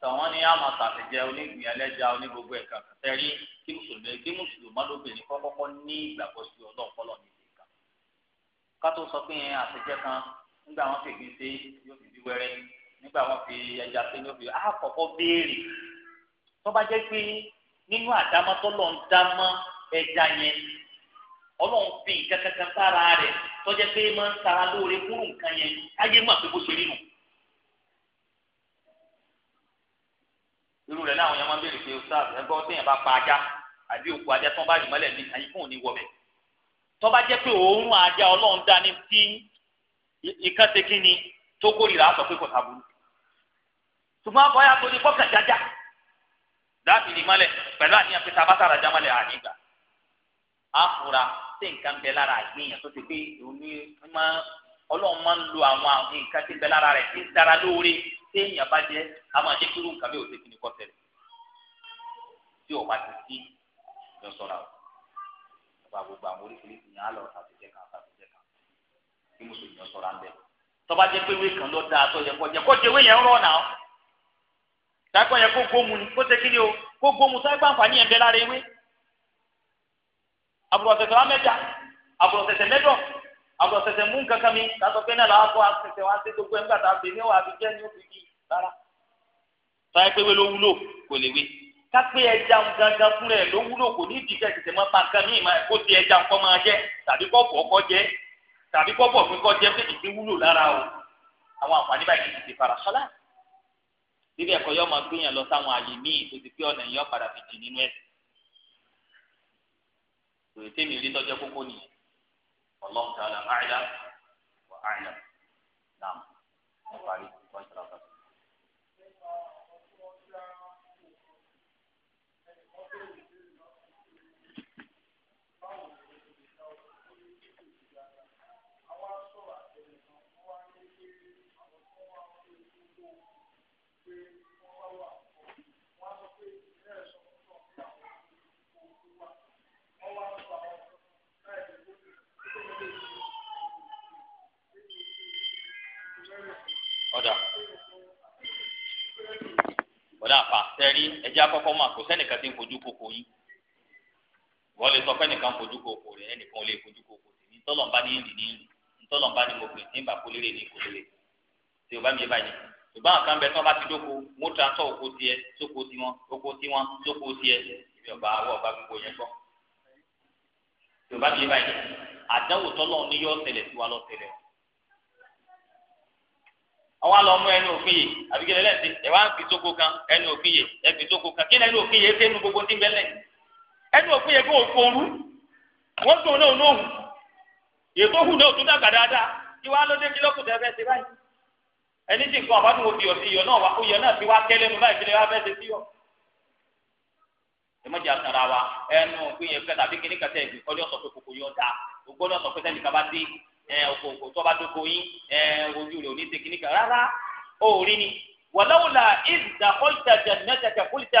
tọ̀wọ́n ní àmọ́ tàtẹ̀jẹ́ onígbìn ẹlẹ́ja onígbogbo ẹ̀ka tẹ̀rí kí mùsùlùmí kí mùsùlùmí ọmọdébìnrin kọ́kọ́kọ́ ní ìgbàgbọ́ sí ọlọ́ọ̀pọ̀lọ́ ní kátó sọ pé yẹn àtẹjẹ kan nígbà wọn fègbè sí yóò fi bí wẹrẹ nígbà wọn fi ẹja sí yóò fi àkọ́kọ́ béèrè tó bá jẹ́ pé nínú àdámọ́ tó lọ ń dámọ́ ẹja yẹn ọlọ́run fi nǹkan kankan sára rẹ̀ tó jẹ́ pé máa ń sara lóore kúrò nǹkan yẹn ayé mà pé bó ṣe rí nù. irú rẹ̀ náà àwọn yẹn máa ń béèrè pé ọ̀sán ẹgbẹ́ ọ̀sán yẹn bá pa ajá àbí òkú ajá tó bá yìí mọ́lẹ̀ ní àyíkún òní wọ̀ bẹ́ẹ̀ tọ́ba jẹ́ pé òórùn ajá ọlọ́run dání tí ìkan ṣe kí ni tó kórìíra sọ pé kò sábúrú ṣùgbọ́n àbọ̀yá tó ní kọ́kàn jájá dáàbì ní malẹ̀ pẹ̀lú àníyàn pé sábà sára já malẹ̀ àní gbà á fura tí nǹkan bẹ lára àgbéyàn tó ti pé òní ọlọ́run máa ń lo àwọn nǹkan tí bẹ lára rẹ̀ tí ń dára lóore tí èèyàn bá jẹ́ a máa jẹ́ kí irú nǹkan bí òṣèlú ní kọ́ tẹ̀lé tí ò bá ti sí lọ sọ́ra o pa gbogbo àwọn oríṣiríṣi yẹn á lọ fàtúnjẹ kan fàtúnjẹ kan kí mùsùlùmí ọ sọra ń bẹ tọba jẹ pé ìwé kan ló dáa tó yẹ kọjẹ kọjẹ ìwé yẹn rọ náà dákọ yẹ kó gbóhùn ni kó tẹkí ni o kó gbóhùn sáyé pàǹfààní yẹn bẹ lára ìwé àbùrọ̀sẹ̀sẹ̀ wa mẹ́ta àbùrọ̀sẹ̀sẹ̀ mẹ́dọ̀ àbùrọ̀sẹ̀sẹ̀ mú nǹkan kan mi kátó pé náà làwọn kọ àṣẹṣẹ wa ṣe gbogbo ẹ̀ ńgbà tá a wà á fi jẹ́ ní òfin yìí rárá sáyé kápẹ́ ẹja gangan fún rẹ̀ ló wúlò kò ní ìdíkẹ́ tètè máa pa nǹkan míì máa kó ti ẹja nǹkan máa jẹ tàbí kọ́pọ̀ ọkọ jẹ tàbí kọ́pọ̀ ọ̀fin kọ́ jẹ pé ìdí wúlò lára o àwọn àǹfààní báyìí ti ti fara sọ́lá. bíbẹ̀ ẹ̀kọ́ yọ máa gbéyàn lọ sáwọn àyè míì tó ti pé ọ̀nà yẹn padà fi jì nínú ẹ̀sìn. òye tèmi rí tọ́jọ́ kókó nìyẹn ọlọ́run tààlà wà áìlá náà wọ́n ọ̀dà bọ̀dà àpà sẹ́rí ẹjẹ́ akọ́kọ́ mà kò sẹ́nìkan tí ń fojú koko yín wọ́n lè sọ fẹ́nìkan fojú koko rẹ̀ ẹnìkan ò lè fojú koko sí ní tọ́lọ̀ ń bá ní ìrìn ní ìrìn ní tọ́lọ̀ ń bá ní mo ní ní tí o bá mi bá yẹn. ṣùgbọ́n àkàn bẹ tí wọ́n bá ti dóko mọ́tò àtọ̀ oko tiẹ̀ sóko tiwọn oko tiwọn sóko tiẹ̀ ibi ọba awọ ọba gbogbo yẹn gbọ́. yorùbá mi báyìí àdánwò tọ́lọ́ ní yọ tẹ̀lẹ̀ tiwa lọ tẹ̀lẹ̀ o. àwọn àlọ́ mú ẹnu òfin yìí àbíkẹ́lẹ́ lẹ́sìn ẹ̀ wá ń fi sóko kan ẹnu òfin yìí ẹ̀ fi sóko kan kí ẹnu òfin yìí ṣe é nu gbogbo tí ń bẹ lẹ̀ ẹnu òfin yìí kò fòrú wọ́n ẹni tí nǹkan àbádùn òbí ọ̀sìn iyọ̀ náà wá oyè náà ti wá kẹ́lẹ́ nu báyìí kílẹ̀ wá fẹ́ ṣe sí ọ̀. ìmọ̀jì àtàrà wa ẹnu ògbìn yẹn fẹ́ tàbí kíní kẹtẹ ìgbìn kọ́ni ọ̀sọ̀ pé kòkò yọ da ògbọ́n ní ọ̀sọ̀ pé sẹ́ni kaba dé ẹ òkò òkò tó bá dóko yín ẹ ojú rẹ̀ ò ní ṣe kíní kan rárá ó rí ni. wàláwùlà ìdá kọ́lìtà jẹ̀nẹ́tẹ̀kẹ̀ kọ́lìtà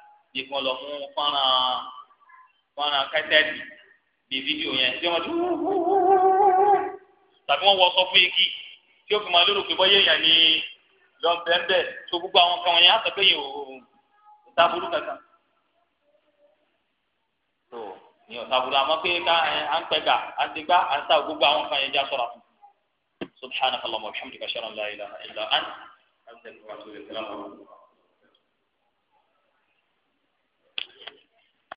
bí kan lọ mú fọ́nrán fọ́nrán kẹ́sẹ́ẹ̀tì bí fídíò yẹn tí wọ́n ti tàbí wọ́n wọ sọ fún igi tí ó fi máa lérò pé bọ́yé èèyàn ni lọ́nbẹ́ńbẹ́ tó gbogbo àwọn kan wọ̀nyẹn àtọ́kẹ́ yìí ò sábúrú kankan. tó ní ọ̀sábúrú àmọ́ pé ká à ń pẹ̀gà à ń ti à ń sá gbogbo àwọn kan yẹn já sọ̀rọ̀ fún. subhanakallahumma wa bihamdika ashhadu la ilaha illa anta